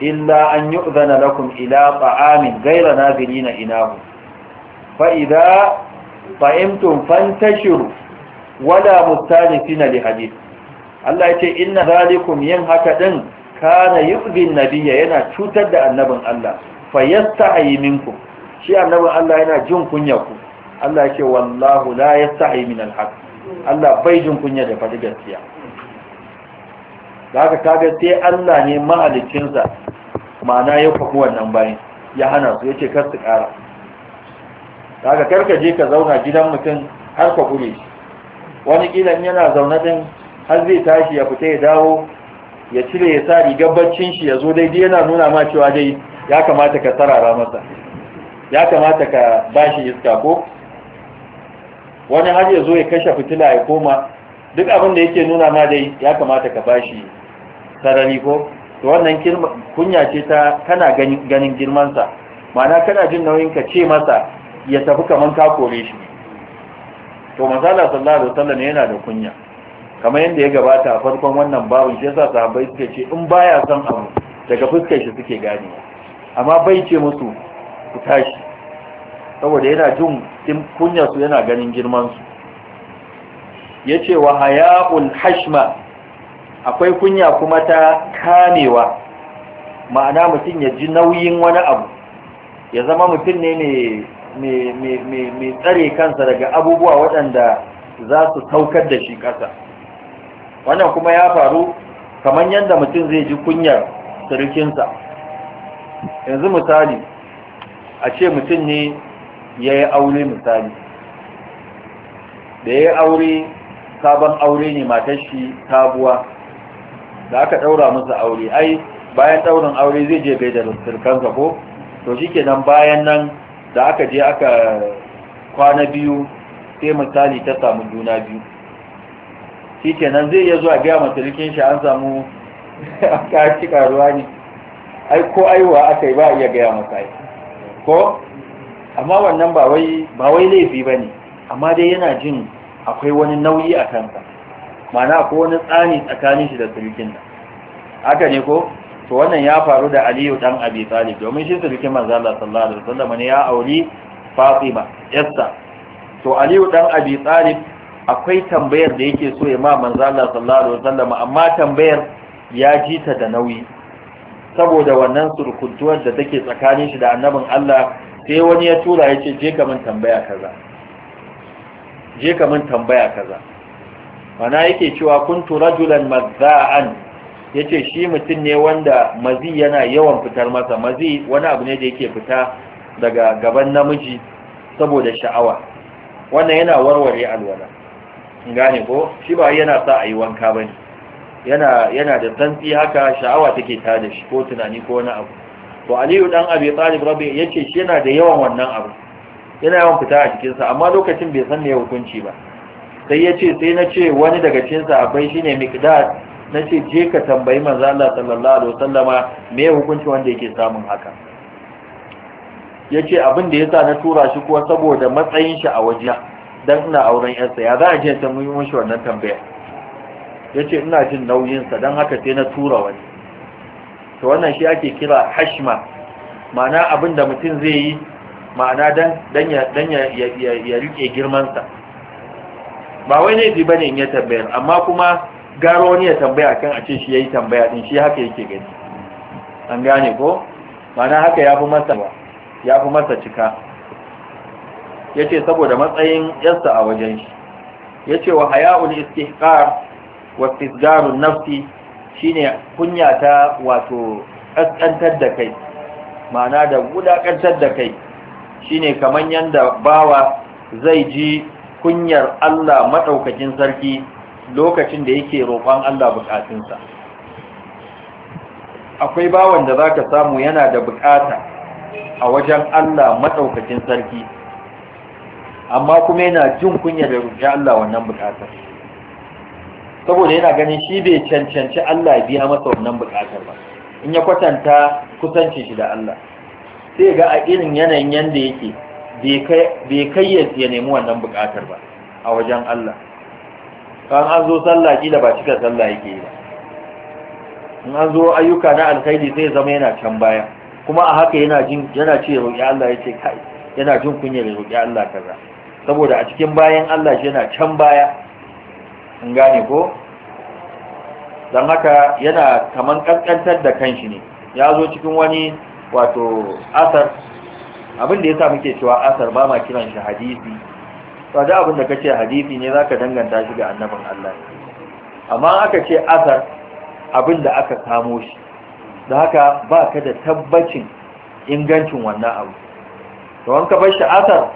illa an yi zana lakum ila ta'amin gaira na biri na inahu fa'iza fahimtun fantashiru wala mustanifi na lihadi Allah ya ce inna zalikum yin haka ɗin kana yi nabiya yana cutar da annabin Allah Fayasta a yi minkum shi annabin Allah yana jin kunya ku Allah ya ce wallahu la yasta'i min alhaq Allah bai jin kunya da faɗi gaskiya daga kaga sai Allah ne mahalicinsa ma'ana ya kwafi wannan bayan ya hana su ya kar su ƙara da karka je ka zauna gidan mutum har ka kure shi wani kilan yana zaune din har zai tashi ya fita ya dawo ya cire ya sa rigar baccin shi ya zo dai dai yana nuna ma cewa dai ya kamata ka sarara masa ya kamata ka shi iska ko wani har ya zo ya kashe fitila ya koma duk abin da yake nuna ma dai ya kamata ka bashi sarari ko to wannan kunya ce ta kana ganin girmansa ma'ana kana jin nauyin ka ce masa ya tafi kaman ka kore shi to masala sallallahu alaihi wasallam yana da kunya kamar yadda ya gabata farkon wannan babu shi yasa sahabbai suke ce in baya son abu daga fuskar shi suke gane amma bai ce musu ku tashi saboda yana jin kunyarsu yana ganin girmansu ya ce wa haya'ul hashma akwai kunya kuma ta kamewa ma'ana mutum ya ji nauyin wani abu ya zama mutum ne mai tsare kansa daga abubuwa waɗanda za su saukar da shi ƙasa wannan kuma ya faru kamar yadda mutum zai ji kunyar surukinsa yanzu misali a ce mutum ne ya yi aure misali da ya yi aure sabon aure ne matar shi sabuwa da aka ɗaura musu aure ai bayan ɗaurin aure zai je bai da surkansa ko to shi kenan bayan nan da aka je aka kwana biyu sai misali ta samu juna biyu shi kenan zai iya zuwa gaya matalikin shi an samu a kaci karuwa ne ai ko aiwa aka yi ba iya gaya masa ko amma wannan ba wai laifi ba ne amma dai yana jin akwai wani nauyi a kansa mana akwai wani tsani tsakanin shi da sulkin nan haka ne ko to wannan ya faru da aliyu dan abi talib domin shi sulkin manzo Allah sallallahu alaihi wasallam ne ya auri fatima yassa to aliyu dan abi talib akwai tambayar da yake so ya ma manzo Allah sallallahu alaihi wasallam amma tambayar ya ji ta da nauyi saboda wannan surkuntuwar da take tsakanin shi da annabin Allah sai wani ya tura ya ce je kaman tambaya kaza je kaman tambaya kaza mana yake cewa kuntu rajulan mazza'an yace shi mutum ne wanda mazi yana yawan fitar masa mazi wani abu ne da yake fita daga gaban namiji saboda sha'awa wannan yana warware alwala gane ko shi ba yana sa a yi wanka bane yana da tantsi haka sha'awa take ta da shi ko tunani ko wani abu to aliyu dan abi talib rabi yace shi yana da yawan wannan abu yana yawan fita a cikin sa amma lokacin bai san me hukunci ba sai yace sai na ce wani daga cikin abai shine miqdad na ce je ka tambayi manzo Allah sallallahu alaihi wasallama me hukunci wanda yake samun haka yace abin da yasa na tura shi kuwa saboda matsayin shi a waje dan ina auren yarsa ya za a je ta muyi mishi wannan tambaya ya ce ina jin nauyinsa don haka sai na tura wani to wannan shi ake kira hashma ma'ana abin da mutum zai yi ma'ana don ya rike girmansa ba wai ne ba ne in ya tambayar amma kuma gara wani ya tambaya kan a ce shi ya yi tambaya din shi haka yake gani an gane ko ma'ana haka ya fi masa ya fi masa cika ya ce saboda matsayin yarsa a wajen shi ya ce wa haya'ul istihkar wastisgarun nafsi shine kunya ta wato kaskantar da kai ma'ana da wulakantar da kai shine kamar yadda bawa zai ji kunyar Allah maɗaukakin sarki lokacin da yake roƙon Allah buƙatunsa. akwai bawan da za ka samu yana da buƙata a wajen Allah maɗaukakin sarki amma kuma yana jin kunyar da Allah wannan bukatar saboda yana ganin shi bai cancanci Allah ya biya masa wannan bukatar ba in ya kwatanta kusanci shi da Allah sai ga a irin yanayin yanda yake bai kai ya nemi wannan bukatar ba a wajen Allah kan an zo sallah kila ba cika sallah yake yi ba in an zo ayyuka na alkhairi sai zama yana can baya kuma a haka yana jin yana ce roƙi Allah ya kai yana jin kunya da roƙi Allah kaza saboda a cikin bayan Allah shi yana can baya in gane ko don haka yana kaman kankantar da kanshi ne ya zo cikin wani wato asar abin ya sa muke cewa asar ba ma kiran shi hadisi ba da abin ka ce hadisi ne za ka danganta shi ga annabin Allah amma aka ce asar abinda aka samo shi da haka ba ka da tabbacin ingancin wannan abu to an ka bar shi asar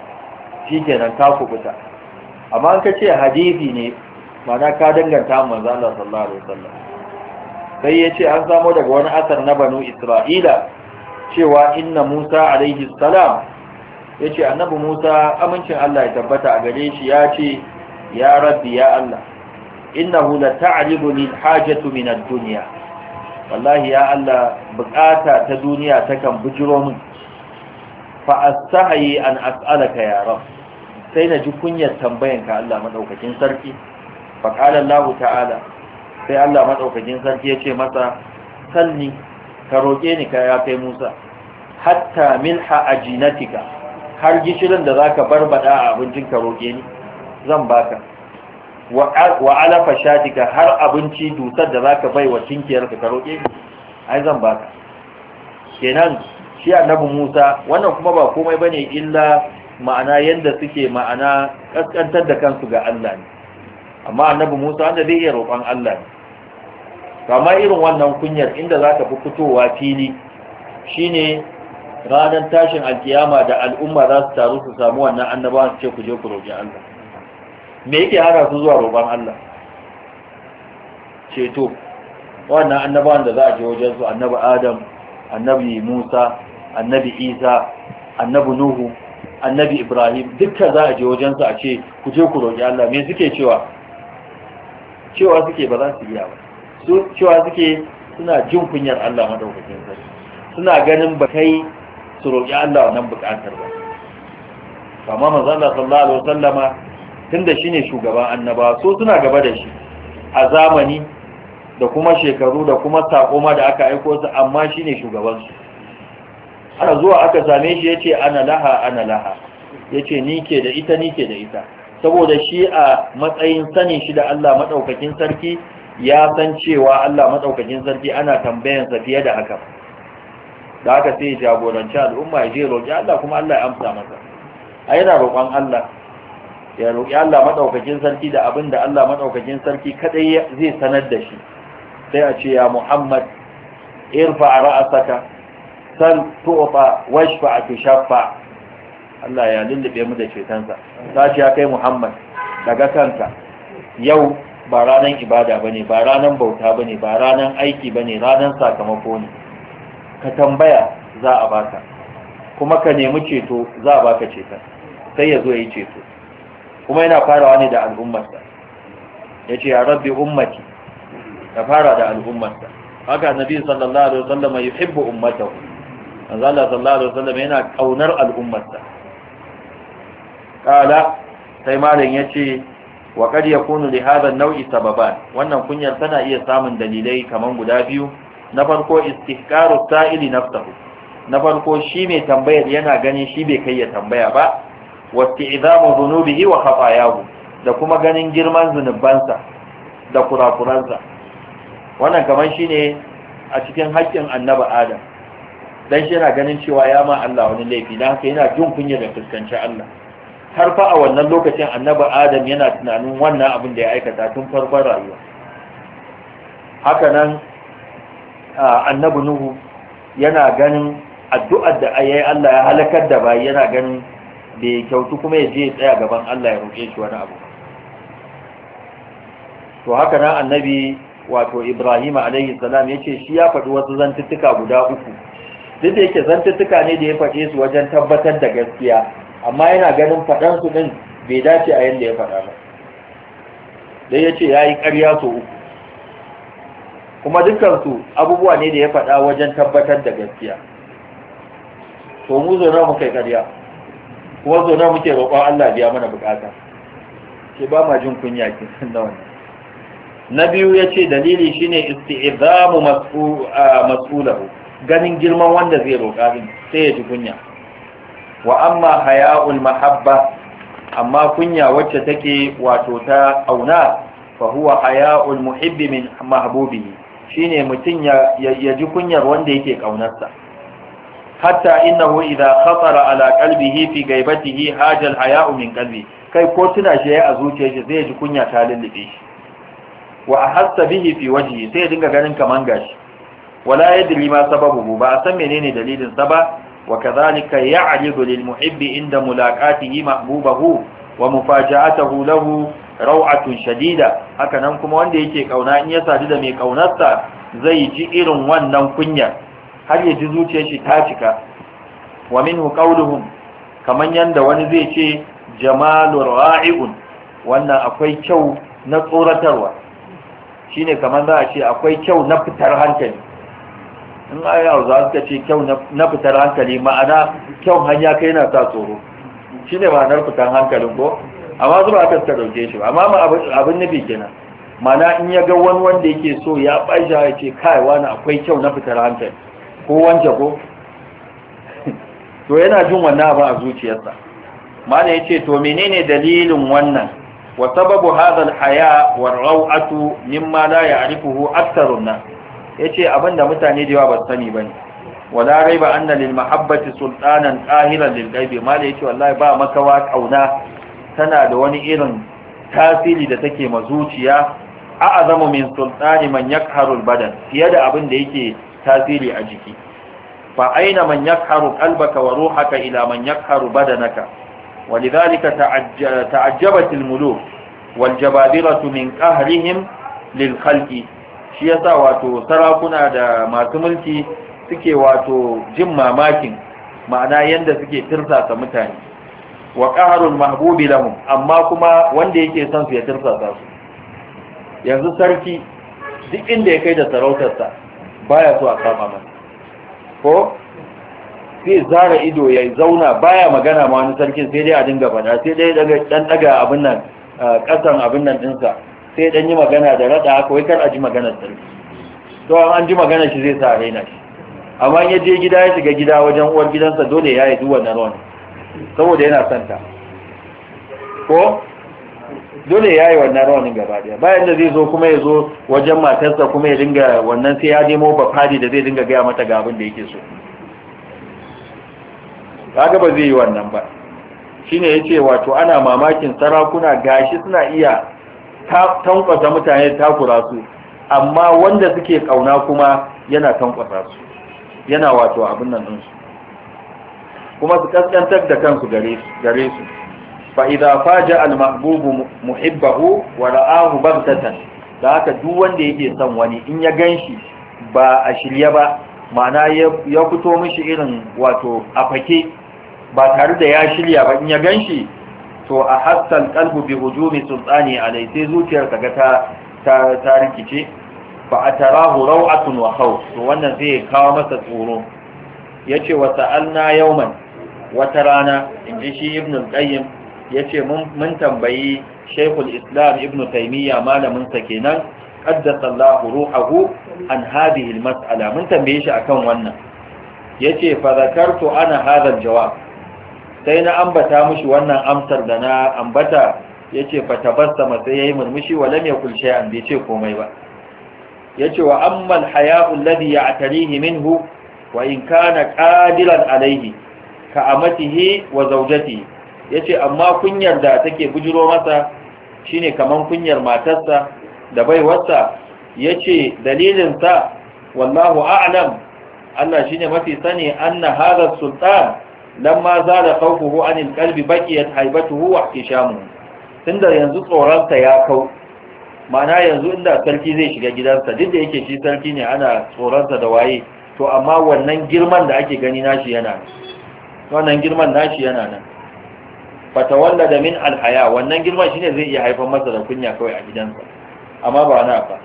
shi kenan ka kubuta amma an ka ce hadisi ne mana ka danganta manzo sallallahu alaihi wasallam sai yace an samu daga wani asar na banu Isra'ila cewa inna Musa alaihi salam yace annabi Musa amincin Allah ya tabbata a gare shi yace ya rabbi ya Allah innahu la ta'ribu lil hajatu min ad-dunya wallahi ya Allah bukata ta duniya takan bujiro min fa astahi an as'alaka ya rabb sai na ji kunyar tambayanka Allah madaukakin sarki faƙalar ta'ala sai allah matsaukakin sarki ya ce masa sanni ka roƙe ni ka ya kai musa hatta milha a jinatika har gishirin da za ka barbada a abincin ka roƙe ni zan baka wa alafa shatika har abinci dusar da za ka bai wa cinkiyarka ka roƙe ni ai zan baka kenan shi annabi Musa wannan kuma ba komai bane illa ma'ana yanda suke ma'ana kaskantar da kansu ga Allah ne amma annabi Musa wanda zai iya roƙon Allah ne kama irin wannan kunyar inda za ka fi fitowa fili shine ranar tashin alkiyama da al'umma za su taru su samu wannan annabawan su ce ku je ku roƙi Allah me yake hana su zuwa roƙon Allah ceto wannan annabawan da za a je wajen su annabi Adam annabi Musa annabi Isa annabi Nuhu annabi Ibrahim dukkan za a je wajen a ce ku je ku roƙi Allah me suke cewa cewa suke ba za su iya ba su cewa suke suna jin kunyar Allah madaukakin sarki suna ganin ba kai su roƙi Allah wannan buƙatar ba amma manzo Allah sallallahu alaihi wasallama tunda shine shugaban annaba so suna gaba da shi a zamani da kuma shekaru da kuma sako ma da aka aiko su amma shine shugaban su ana zuwa aka same shi yace ana laha ana laha yace ni ke da ita ni ke da ita saboda shi a matsayin sanin shi da Allah madaukakin sarki ya san cewa Allah madaukakin sarki ana tambayan sa fiye da haka da haka sai ya jagoranci al'umma ya je roƙi Allah kuma Allah ya amsa masa a yana roƙon Allah ya roƙi Allah maɗaukakin sarki da abin da Allah maɗaukakin sarki kadai zai sanar da shi sai a ce ya Muhammad irfa ra'asaka san tu'fa washfa tushaffa Allah ya lullube mu da cetonsa tashi ya kai Muhammad daga kanka yau ba ranar ibada bane ba ranar bauta bane ba ranar aiki bane ranar sakamako ne ka tambaya za a baka kuma ka nemi ceto za a baka ceton sai ya zo ya yi ceto kuma yana farawa ne da al'ummarsa ya ce ya rabbi ummati ka fara da al'ummarsa haka nabi sallallahu alaihi wasallam yuhibbu ummatahu manzo Allah sallallahu alaihi wasallam yana kaunar al'ummarsa kala sai malam ce wa kad yakunu li hadha an-naw'i sababan wannan kunyar tana iya samun dalilai kaman guda biyu na farko istihkaru sa'ili nafsahu na farko shi mai tambayar yana ganin shi bai kai ya tambaya ba wa ti'zamu dhunubihi wa khata'ahu da kuma ganin girman zunubansa da kurakuransa wannan kaman shine a cikin haƙƙin annabi adam dan shi yana ganin cewa ya ma Allah wani laifi dan haka yana jin kunya da fuskanci Allah har fa a wannan lokacin annabi adam yana tunanin wannan abin da ya aikata tun farkon rayuwa haka nan annabi nuhu yana ganin addu'ar da ayyai Allah ya halakar da bai yana ganin bai kyautu kuma ya je tsaya gaban Allah ya roƙe shi wani abu to haka nan annabi wato Ibrahim alaihi salam ce shi ya faɗi wasu zantuttuka guda uku duk da yake zantuttuka ne da ya faɗe su wajen tabbatar da gaskiya amma yana ganin faɗan su ɗin bai dace a yadda ya faɗa ba dai ya ce ya yi ƙarya su uku kuma dukansu abubuwa ne da ya faɗa wajen tabbatar da gaskiya to mu zo na kai ƙarya kuma zo na muke roƙon Allah biya mana bukata ke ba ma jin kunya ki na wannan na biyu ya ce dalili shine isti'zamu mas'ulahu ganin girman wanda zai roƙa din sai ya ji kunya wa amma haya'ul mahabba amma kunya wacce take wato ta auna fa huwa haya'ul muhibbi min mahbubihi shine mutun ya yaji kunyar wanda yake kaunarsa hatta innahu idha khatara ala qalbihi fi ghaibatihi haja al haya'u min qalbi kai ko tuna shi a zuciyarsa zai ji kunya ta lullube shi wa ahassa bihi fi wajhi sai ya dinga ganin kaman gashi wala yadri ma sababu ba san menene dalilin sa ba وكذلك يعرض للمحب عند ملاقاته محبوبه ومفاجأته له روعة شديدة haka nan kuma wanda yake kauna in ya sadu da mai kaunarsa zai ji irin wannan kunya har ya ji zuciyar shi ta cika wa minhu qawluhum kaman yanda wani zai ce jamalur ra'iun wannan akwai kyau na tsoratarwa shine kaman za a ce akwai kyau na fitar hankali in ayyau za suka ce kyau na fitar hankali ma'ana kyau hanya kai na sa tsoro shi ne ma'anar fitar hankalin ko amma zuba aka suka dauke shi amma ma abin nufi gina. mana in ya ga wani wanda yake so ya ɓaisha ya ce kai wani akwai kyau na fitar hankali ko wance ko to yana jin wannan abin a zuciyarsa mana ya ce to menene dalilin wannan wa sababu hadal haya wa rau'atu mimma la ya'rifuhu aktharun nas ya abin abinda mutane da yawa ba sani ba ne. wala ba anna lil mahabbati sultanan qahiran lil ghaibi mala yace wallahi ba makawa kauna tana da wani irin tasiri da take mazuciya a azamu min sultani man yakharu badan fiye da abin da yake tasiri a jiki fa aina man yakharu qalbaka wa ruhaka ila man yakharu badanaka ولذلك تعجبت min والجبابرة من lil للخلق shi yasa wato sarakuna da masu mulki suke wato jin mamakin ma'ana yanda suke tirsasa mutane wa qaharul mahbubi lahum amma kuma wanda yake son su ya tirsasa su yanzu sarki duk inda ya kai da sarautarsa baya so a kama masa ko sai zara ido ya zauna baya magana ma wani sarkin sai dai a dinga bada sai dai dan daga abin nan kasan abin nan dinsa sai dan yi magana da rada haka wai kar a ji maganar sarki to an ji maganar shi zai sa raina shi amma ya je gida ya shiga gida wajen uwar gidansa dole ya yi duwa na ron saboda yana santa ko dole ya yi wannan rawanin gaba daya bayan da zai zo kuma ya zo wajen matarsa kuma ya dinga wannan sai ya nemo bafadi da zai dinga gaya mata ga abin da yake so kaga ba zai yi wannan ba shine yace wato ana mamakin sarakuna gashi suna iya tankwasa mutane takura su amma wanda suke kauna kuma yana tankwasa su yana wato abin nan din su, kuma su kaskantar da kansu gare su idza faja al-mahbubu muhibbahu wa ra'ahu bagtatan da haka duk wanda yake son wani in ya ganshi ba a shirye ba ma'ana ya fito mishi irin wato a fake ba tare da ya shirya ba in ya ganshi to a hassan kalbu bi hujumi sultani alai sai zuciyar ka ga ta ta rikice fa atarahu raw'atun wa khawf to wannan zai kawo masa tsoro yace wa sa'alna yawman wata rana inji shi ibn al-qayyim yace mun tambayi shaykhul islam ibn taymiya malamin sa kenan qaddasa Allah ruhahu an hadhihi al-mas'ala mun tambaye shi akan wannan yace fa zakartu ana hadha al-jawab sai na ambata mushi wannan amsar da na ambata ya ce fatabasta matsayi ya yi murmushi wa lam ya kulshe an bai ce komai ba ya ce wa ammal haya'un ladi ya Tarihi minhu wa in kana qadiran alaihi ka matihi wa zaujati ya ce amma kunyar da take bujiro masa shine kaman kunyar matarsa da baiwarsa ya ce dalilinsa wallahu a'lam Allah shine mafi sani anna hadha sultan lamma zada khawfuhu anil qalbi baqiyat haibatuhu wa ihtishamuhu tunda yanzu tsoronsa ya kau mana yanzu inda sarki zai shiga gidansa duk da yake shi sarki ne ana tsoronsa da waye to amma wannan girman da ake gani nashi yana wannan girman nashi yana nan fatawalla da min alhaya wannan girman shine zai iya haifar masa da kunya kawai a gidansa amma ba na fa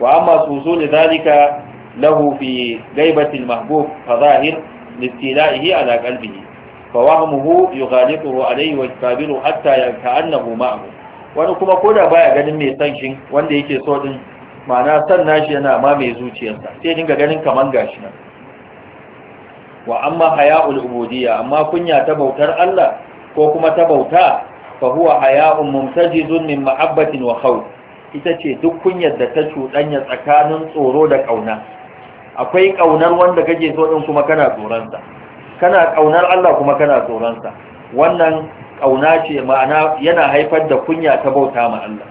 wa amma susul zalika lahu fi ghaibati almahbub fa zahir لاستيلائه على قلبه فوهمه يغالطه عليه ويستقبله حتى كأنه معه wani kuma ko da baya ganin mai san shi wanda yake so din ma'ana san nashi yana ma mai zuciyarsa sai dinga ganin kaman gashi nan wa amma haya'ul ubudiyya amma kunya ta bautar Allah ko kuma ta bauta fa huwa haya'un mumtajizun min mahabbatin wa ita ce duk kunyar da ta cuɗanya tsakanin tsoro da ƙauna. akwai kaunar wanda kake so din kuma kana tsoronsa kana kaunar Allah kuma kana tsoronsa wannan kauna ce ma'ana yana haifar da kunya ta bauta ma Allah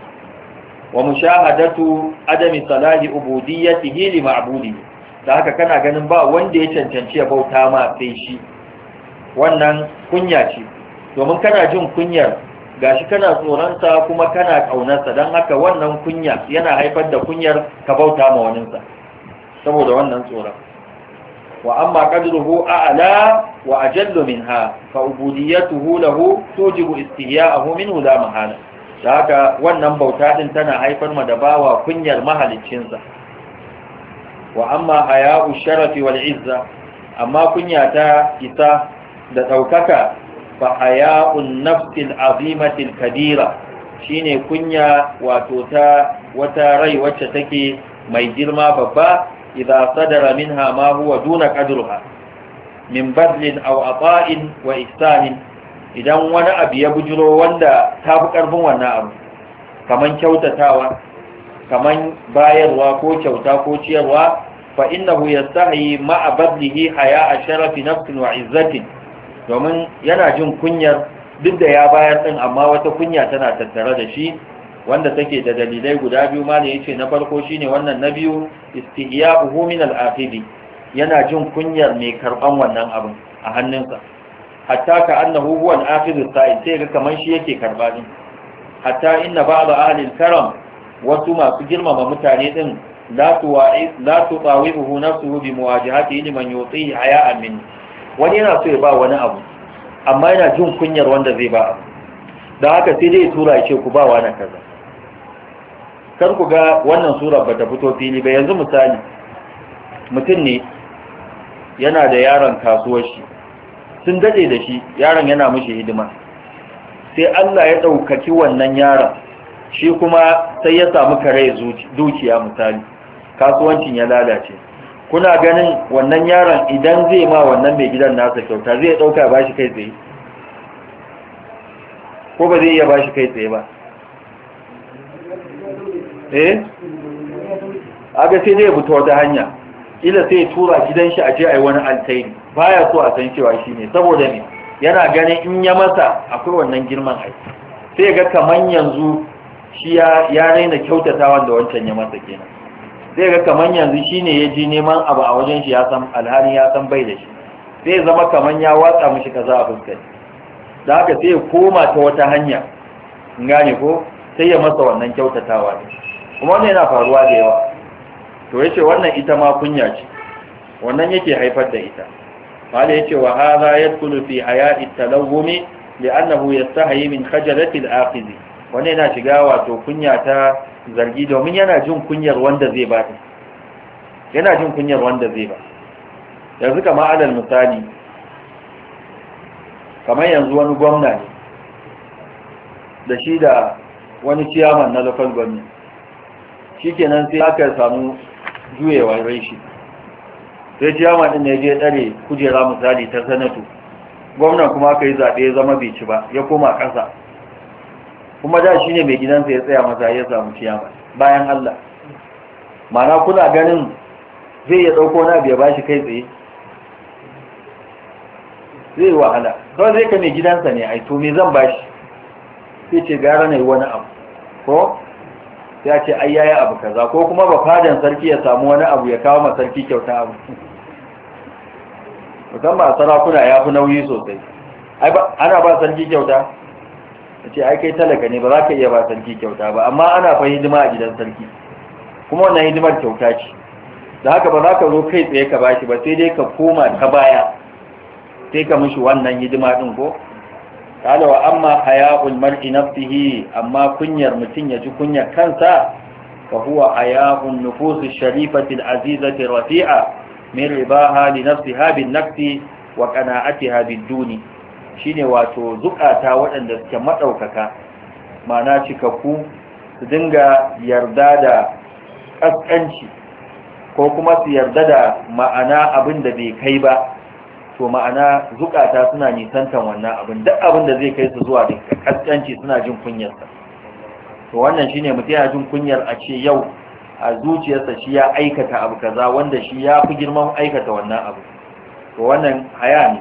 wa mushahadatu adami salahi ubudiyyatihi li ma'budi da haka kana ganin ba wanda ya cancanci ya bauta ma sai shi wannan kunya ce domin kana jin kunyar gashi kana tsoronsa kuma kana kaunarsa don haka wannan kunya yana haifar da kunyar ka bauta ma waninsa saboda wannan tsoron wa amma qadruhu a'la wa ajallu minha fa ubudiyatuhu lahu tujibu istihya'ahu minhu la mahala da haka wannan bauta din tana haifar ma da bawa kunyar mahaliccinsa wa amma haya'u sharafi wal izza amma kunya ta isa da daukaka fa haya'un nafsil azimatil kadira shine kunya wato ta wata rai wacce take mai girma babba idza sadara minha ma huwa duna qadruha min badlin aw ata'in wa ihsanin idan wani abu ya bujiro wanda ta fi karfin wannan abu kaman kyautatawa kaman bayarwa ko kyauta ko ciyarwa fa innahu yastahi ma'a badlihi haya sharafi nafsin wa izzatin domin yana jin kunyar duk da ya bayar din amma wata kunya tana tattare da shi wanda take da dalilai guda biyu ma ne yace na farko shine wannan na biyu istihya'uhu min al yana jin kunyar mai karban wannan abin a hannunsa hatta ka annahu huwa al-akhidu ta sai ga shi yake karba din hatta inna ba da ahalin karam wasu masu girmama mutane din la tuwa'i la tutawibuhu nafsuhu bi muwajahati liman yutihi haya'an min wani yana so ya ba wani abu amma yana jin kunyar wanda zai ba abu da haka sai dai tura ya ce ku ba wa na kaza kar ku ga wannan sura ba ta fito fili ba yanzu misali mutum ne yana da yaron kasuwar shi sun dade da shi yaron yana mishi hidima sai Allah ya ɗaukaki wannan yaron shi kuma sai ya samu kare dukiya misali kasuwancin ya lalace kuna ganin wannan yaron idan zai ma wannan mai gidan nasa kyauta zai ɗauka ba shi kai tsaye ko ba zai iya bashi kai tsaye ba eh aga sai zai fito wata hanya ila sai ya tura gidan shi a je a yi wani alkhairi baya so a san cewa shi ne saboda ne yana ganin in ya masa akwai wannan girman aiki sai ga kaman yanzu shi ya raina kyautata wanda wancan ya masa kenan sai ga kaman yanzu shi ne ya ji neman abu a wajen shi ya san alhali ya san bai da shi sai zama kaman ya watsa mishi kaza a fuskar da haka sai ya koma ta wata hanya in gane ko sai ya masa wannan kyautatawa kuma wannan yana faruwa da yawa to yace wannan ita ma kunya ce wannan yake haifar da ita malai yace wa hadha yadkhulu fi haya'i talawumi li'annahu yastahi min khajalati al wannan yana shiga wato kunya ta zargi domin yana jin kunyar wanda zai ba yana jin kunyar wanda zai ba yanzu kamar alal misali kamar yanzu wani gwamna ne da shi da wani ciyaman na local government shikenan sai aka samu juyewa rai shi. sai ciyama din ne je tsare kujera misali ta sanatu gwamnan kuma aka yi zaɓe ya zama bai ci ba ya koma ƙasa kuma da shi ne mai gidansa ya tsaya masa ya samu ciyama bayan Allah mana kuna ganin zai ya ɗauko na biya ba kai tsaye zai wahala kawai zai ka mai gidansa ne a to me zan ba shi sai ce gara na yi wani abu ko ya ce ai yayi abu kaza ko kuma ba fadan sarki ya samu wani abu ya kawo ma sarki kyauta abu musamman sarakuna ya fi nauyi sosai ana ba sarki kyauta ce ai kai talaka ne ba za ka iya ba sarki kyauta ba amma ana fa hidima a gidan sarki kuma wannan hidimar kyauta ce da haka ba za ka zo kai tsaye ka ba shi ba sai dai ka koma ta baya sai ka mishi wannan hidima din ko kala wa amma hayaƙun mar'i nafsihi amma kunyar mutum ya ji kunyar kansa fa huwa hayaƙun nufusu sharifatin azizatin rafi'a min ribaha li nafsiha bin nafsi wa qana'atiha bid duni shine wato zuƙata waɗanda suke maɗaukaka, ma'ana cikakku su dinga yarda da kaskanci ko kuma su yarda da ma'ana abin da bai kai ba to ma'ana zukata suna nisantan wannan abin duk abin da zai kai su zuwa da kaskanci suna jin kunyarsa to wannan shine mutum ya jin kunyar a ce yau a zuciyarsa shi ya aikata abu kaza wanda shi ya fi girman aikata wannan abu to wannan haya ne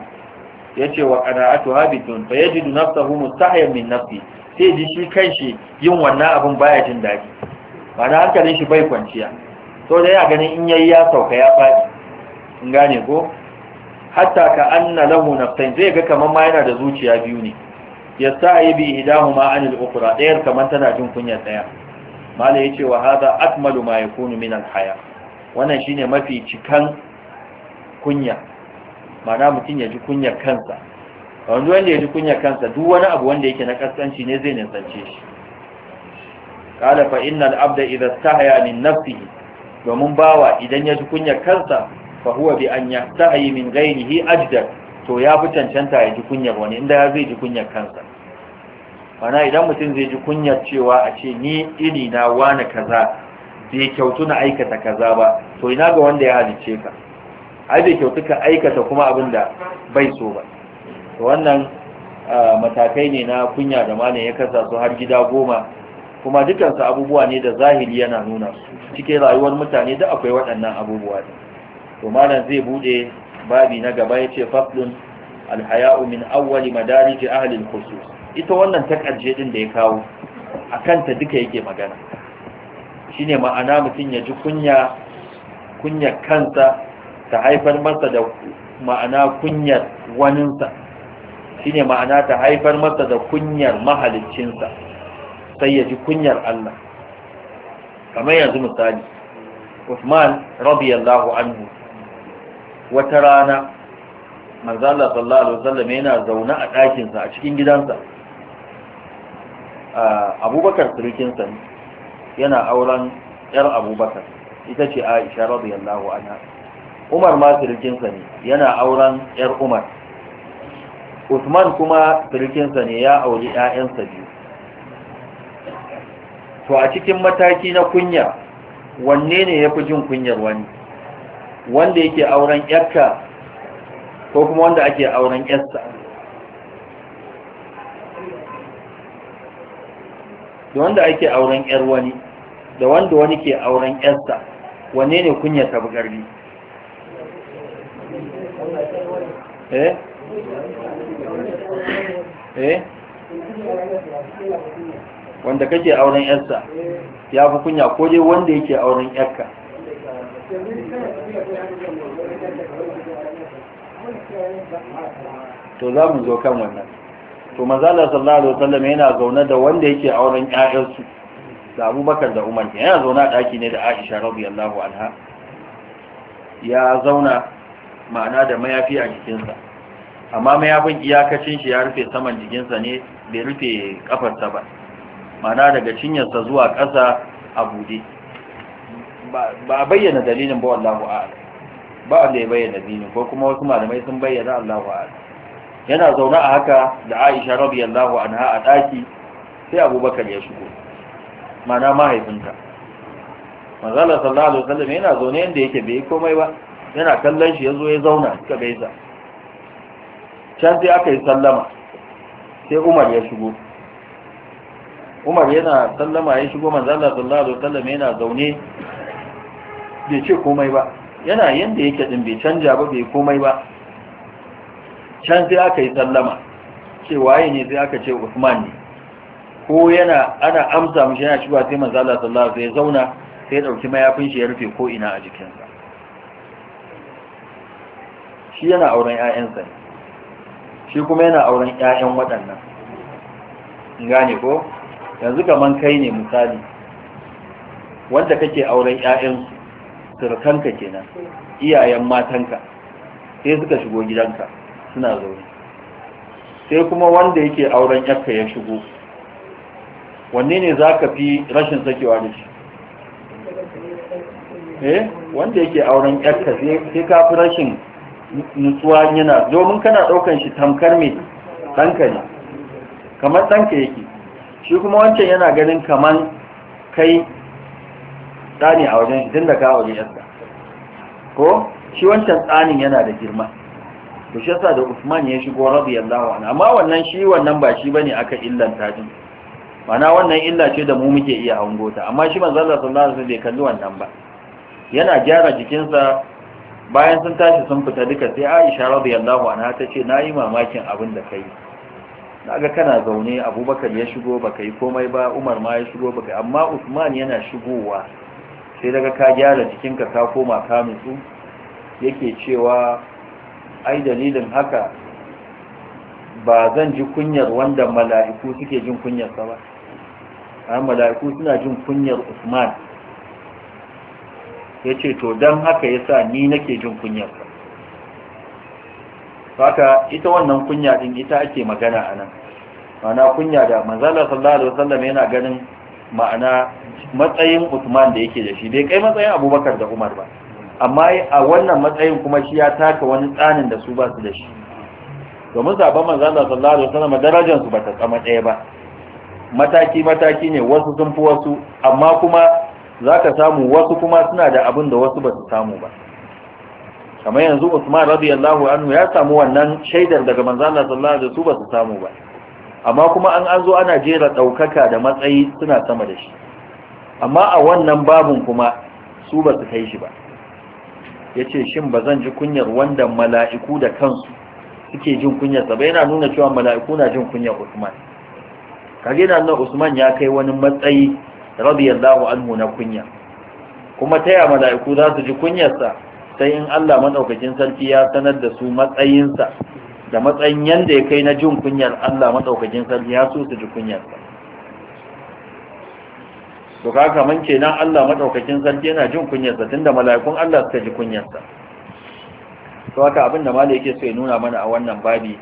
yace wa qana'atu habitun yajidu nafsahu mustahiyan min nafsi sai ji shi kanshi yin wannan abin baya jin daɗi ma'ana hankalin shi bai kwanciya to da ya ganin in yayi ya sauka ya faɗi in gane ko hatta ka anna lahu naftain zai ga kaman ma yana da zuciya biyu ne ya sa'i bi idahuma al ukhra dayar kamar tana jin kunya daya mala yace wa hadha akmalu ma yakunu min al haya wannan shine mafi cikan kunya ma'ana mutun ya ji kunyar kansa wanda wanda ya ji kunyar kansa duk wani abu wanda yake na kaskanci ne zai nisance shi qala fa innal abda idha sahaya min nafsihi domin bawa idan ya ji kunyar kansa fa huwa bi an yi min ghayrihi ajdar to ya fi cancanta ya ji kunyar wani inda ya zai ji kunyar kansa mana idan mutum zai ji kunyar cewa a ce ni iri na wani kaza bai kyautu na aikata kaza ba to ina ga wanda ya halicce ka ai bai kyautu ka aikata kuma abin da bai so ba to wannan matakai ne na kunya da malam ya kasa su har gida goma kuma dukansu abubuwa ne da zahiri yana nuna su cikin rayuwar mutane da akwai waɗannan abubuwa ne to malam zai bude babi na gaba yace faslun alhaya'u min awwali madarij ahli alkhusus ita wannan takarje din da ya kawo akan ta duka yake magana shine ma'ana mutun ya ji kunya kunya kansa ta haifar masa da ma'ana kunyar waninsa shine ma'ana ta haifar masa da kunyar mahaliccinsa sai ya ji kunyar Allah kamar yanzu misali Usman, radiyallahu anhu wata rana manzala sallallahu alaihi wasallam yana zaune a ɗakinsa a cikin gidansa abubakar surukinsa yana auren yar abubakar ita ce aisha radiyallahu anha umar ma surukinsa ne yana auren yar umar usman kuma surukinsa ne ya auri 'ya'yansa biyu to a cikin mataki na kunya wanne ne ya fi jin kunyar wani wanda yake auren yarka ko kuma wanda ake auren yarsa da wanda ake auren yar wani da wanda wani ke auren yarsa wanne ne kunya ta bugarni eh eh wanda kake auren yarsa ya fi kunya ko dai wanda yake auren yarka to za mu zo kan wannan to manzala sallallahu alaihi wasallam yana zaune da wanda yake auren ƴaƴansu da Abubakar da Umar yana zaune a daki ne da Aisha radiyallahu anha ya zauna ma'ana da mayafi a jikinsa amma mayafin iyakacin shi ya rufe saman jikinsa ne bai rufe kafarsa ba ma'ana daga sa zuwa ƙasa a bude ba bayyana dalilin ba wallahu a'lam ba wanda ya bayyana dinin ko kuma wasu malamai sun bayyana Allahu a'ala yana zaune a haka da Aisha radiyallahu anha a daki sai Abubakar ya shigo mana mahaifinta manzala sallallahu alaihi wasallam yana zaune inda yake bai komai ba yana kallon shi yazo ya zauna suka gaisa can sai aka yi sallama sai Umar ya shigo Umar yana sallama ya shigo manzala sallallahu alaihi wasallam yana zaune bai ce komai ba yana yanda yake din bai canja ba bai komai ba can sai aka yi sallama ce waye ne sai aka ce Usman ne ko yana ana amsa mishi yana shiga sai manzo Allah sallallahu zauna sai ya dauki mayafin shi ya rufe ko ina a jikinsa shi yana auren 'ya'yansa ne shi kuma yana auren ƴaƴan waɗannan gane ko yanzu kaman kai ne misali wanda kake auren ƴaƴansu surukanka kenan iyayen matanka sai suka shigo gidanka suna zaune sai kuma wanda yake auren yakka ya shigo wanne ne za ka fi rashin sakewa da shi eh wanda yake auren yakka sai ka fi rashin nutsuwa yana domin kana daukan shi tamkar mai ɗanka ne kamar ɗanka yake shi kuma wancan yana ganin kaman kai tsani a wajen shi tun da wajen yadda. ko shi wancan tsanin yana da girma to shi yasa da Usman ya shigo radiyallahu anhu amma wannan shi wannan ba shi bane aka illanta din mana wannan illa ce da mu muke iya hango ta amma shi manzo Allah sallallahu alaihi wasallam bai kalli wannan ba yana gyara jikinsa bayan sun tashi sun fita duka sai Aisha radiyallahu anha ta ce nayi mamakin abin da kai naga kana zaune Abubakar ya shigo baka yi komai ba Umar ma ya shigo baka amma Usman yana shigowa sai daga ka gyara jikinka ka koma ka nutsu yake cewa ai dalilin haka ba zan ji kunyar wanda mala'iku suke jin kunyarsa ba a mala'iku suna jin kunyar usman ya ce to don haka ya sa ni nake jin kunyarsa haka ita wannan kunya din ita ake magana a nan mana kunya da manzala sallallahu alaihi wasallam yana ganin ma'ana matsayin Usman da yake da shi bai kai matsayin Abubakar da Umar ba amma a wannan matsayin kuma shi ya taka wani tsanin da su ba su da shi domin zaben manzon Allah sallallahu alaihi wasallam darajar su bata tsama ɗaya ba mataki mataki ne wasu sun fi wasu amma kuma zaka samu wasu kuma suna da abin da wasu ba su samu ba kamar yanzu Usman radiyallahu anhu ya samu wannan shaidar daga manzon Allah sallallahu alaihi wasallam ba su samu ba amma kuma an an zo ana jera ɗaukaka da matsayi suna sama da shi amma a wannan babin kuma su ba su kai shi ba ya ce shin ba zan ji kunyar wanda mala'iku da kansu suke jin sa ba yana nuna cewa mala'iku na jin kunyar usman kage na nuna usman ya kai wani matsayi radiyallahu anhu na kunya kuma taya mala'iku za su ji kunyarsa sai in allah maɗaukakin sarki ya sanar da su matsayinsa da matsayin yadda ya kai na jin kunyar Allah maɗaukakin sarki ya so su ji kunyar sa to ka kaman kenan Allah maɗaukakin sarki yana jin kunyar sa tunda mala'ikun Allah suka ji kunyar sa to haka abin da yake so ya nuna mana a wannan babi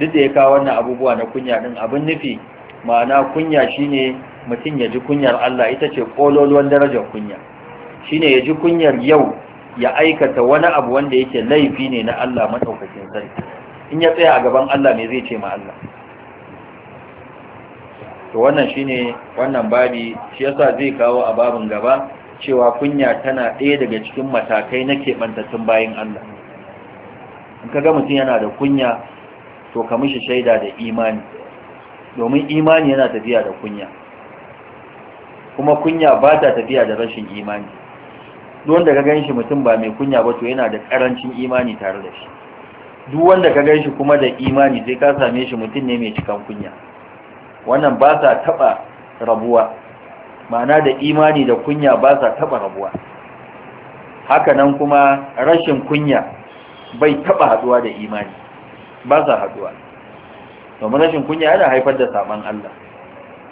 duk da ya kawo wannan abubuwa na kunya din abin nufi ma'ana kunya shine mutum ya ji kunyar Allah ita ce kololuwan darajar kunya shine ya ji kunyar yau ya aikata wani abu wanda yake laifi ne na Allah maɗaukakin sarki in ya tsaya a gaban Allah ne zai ce ma Allah to wannan shine wannan babi shi yasa zai kawo a babin gaba cewa kunya tana ɗaya daga cikin matakai na keɓantattun bayan Allah in ka ga mutum yana da kunya to ka mishi shaida da imani domin imani yana tafiya da kunya kuma kunya ba ta tafiya da rashin imani don da ka gan shi mutum ba mai kunya ba to yana da ƙarancin imani tare da shi duk wanda ka gan shi kuma da imani sai ka same shi mutum ne mai cikan kunya wannan ba sa taɓa rabuwa ma'ana da imani da kunya ba sa taɓa rabuwa Haka nan kuma rashin kunya bai taɓa haɗuwa da imani ba sa haɗuwa domin rashin kunya yana haifar da saban Allah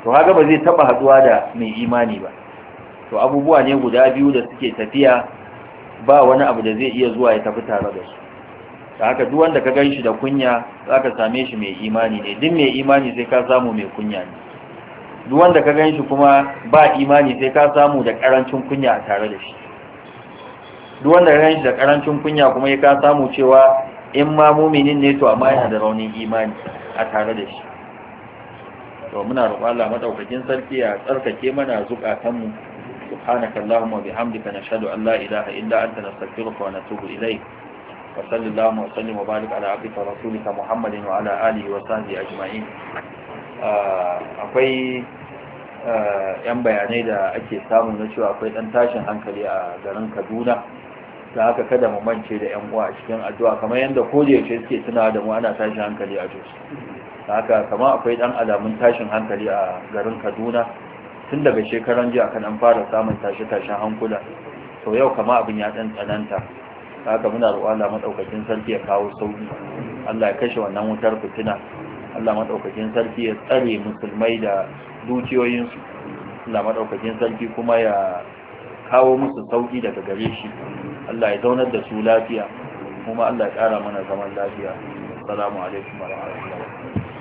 to haka ba zai taɓa haɗuwa da mai imani ba to abubuwa ne guda biyu da suke tafiya ba wani abu da zai iya zuwa ya tafi tare da su da haka duk wanda ka gan shi da kunya za ka same shi mai imani ne duk mai imani sai ka samu mai kunya ne duk wanda ka gan shi kuma ba imani sai ka samu da karancin kunya a tare da shi duk wanda ka gan shi da karancin kunya kuma ya ka samu cewa in ma muminin ne to amma yana da raunin imani a tare da shi to muna roƙon Allah madaukakin sarki ya tsarkake mana mu subhanakallahumma bihamdika nashhadu an la ilaha illa anta nastaghfiruka wa natubu ilayk وصلى الله وسلم وبارك على عبدك ورسولك محمد وعلى آله وصحبه أجمعين akwai yan bayanai da ake samu na cewa akwai dan tashin hankali a garin Kaduna da haka kada mu mance da yan uwa a cikin addu'a kamar yanda kodi yace suke tuna da mu ana tashin hankali a Jos da haka kamar akwai dan alamun tashin hankali a garin Kaduna tun daga shekaran jiya kan an fara samun tashe-tashen hankula to yau kama abin ya dan tsananta haka muna roƙon Allah madaukakin sarki ya kawo sauki Allah ya kashe wannan wutar fitina Allah madaukakin sarki ya tsare musulmai da dukiyoyinsu Allah madaukakin sarki kuma ya kawo musu sauki daga gare shi Allah ya zaunar da su lafiya kuma Allah ya ƙara mana zaman lafiya assalamu alaikum wa rahmatullahi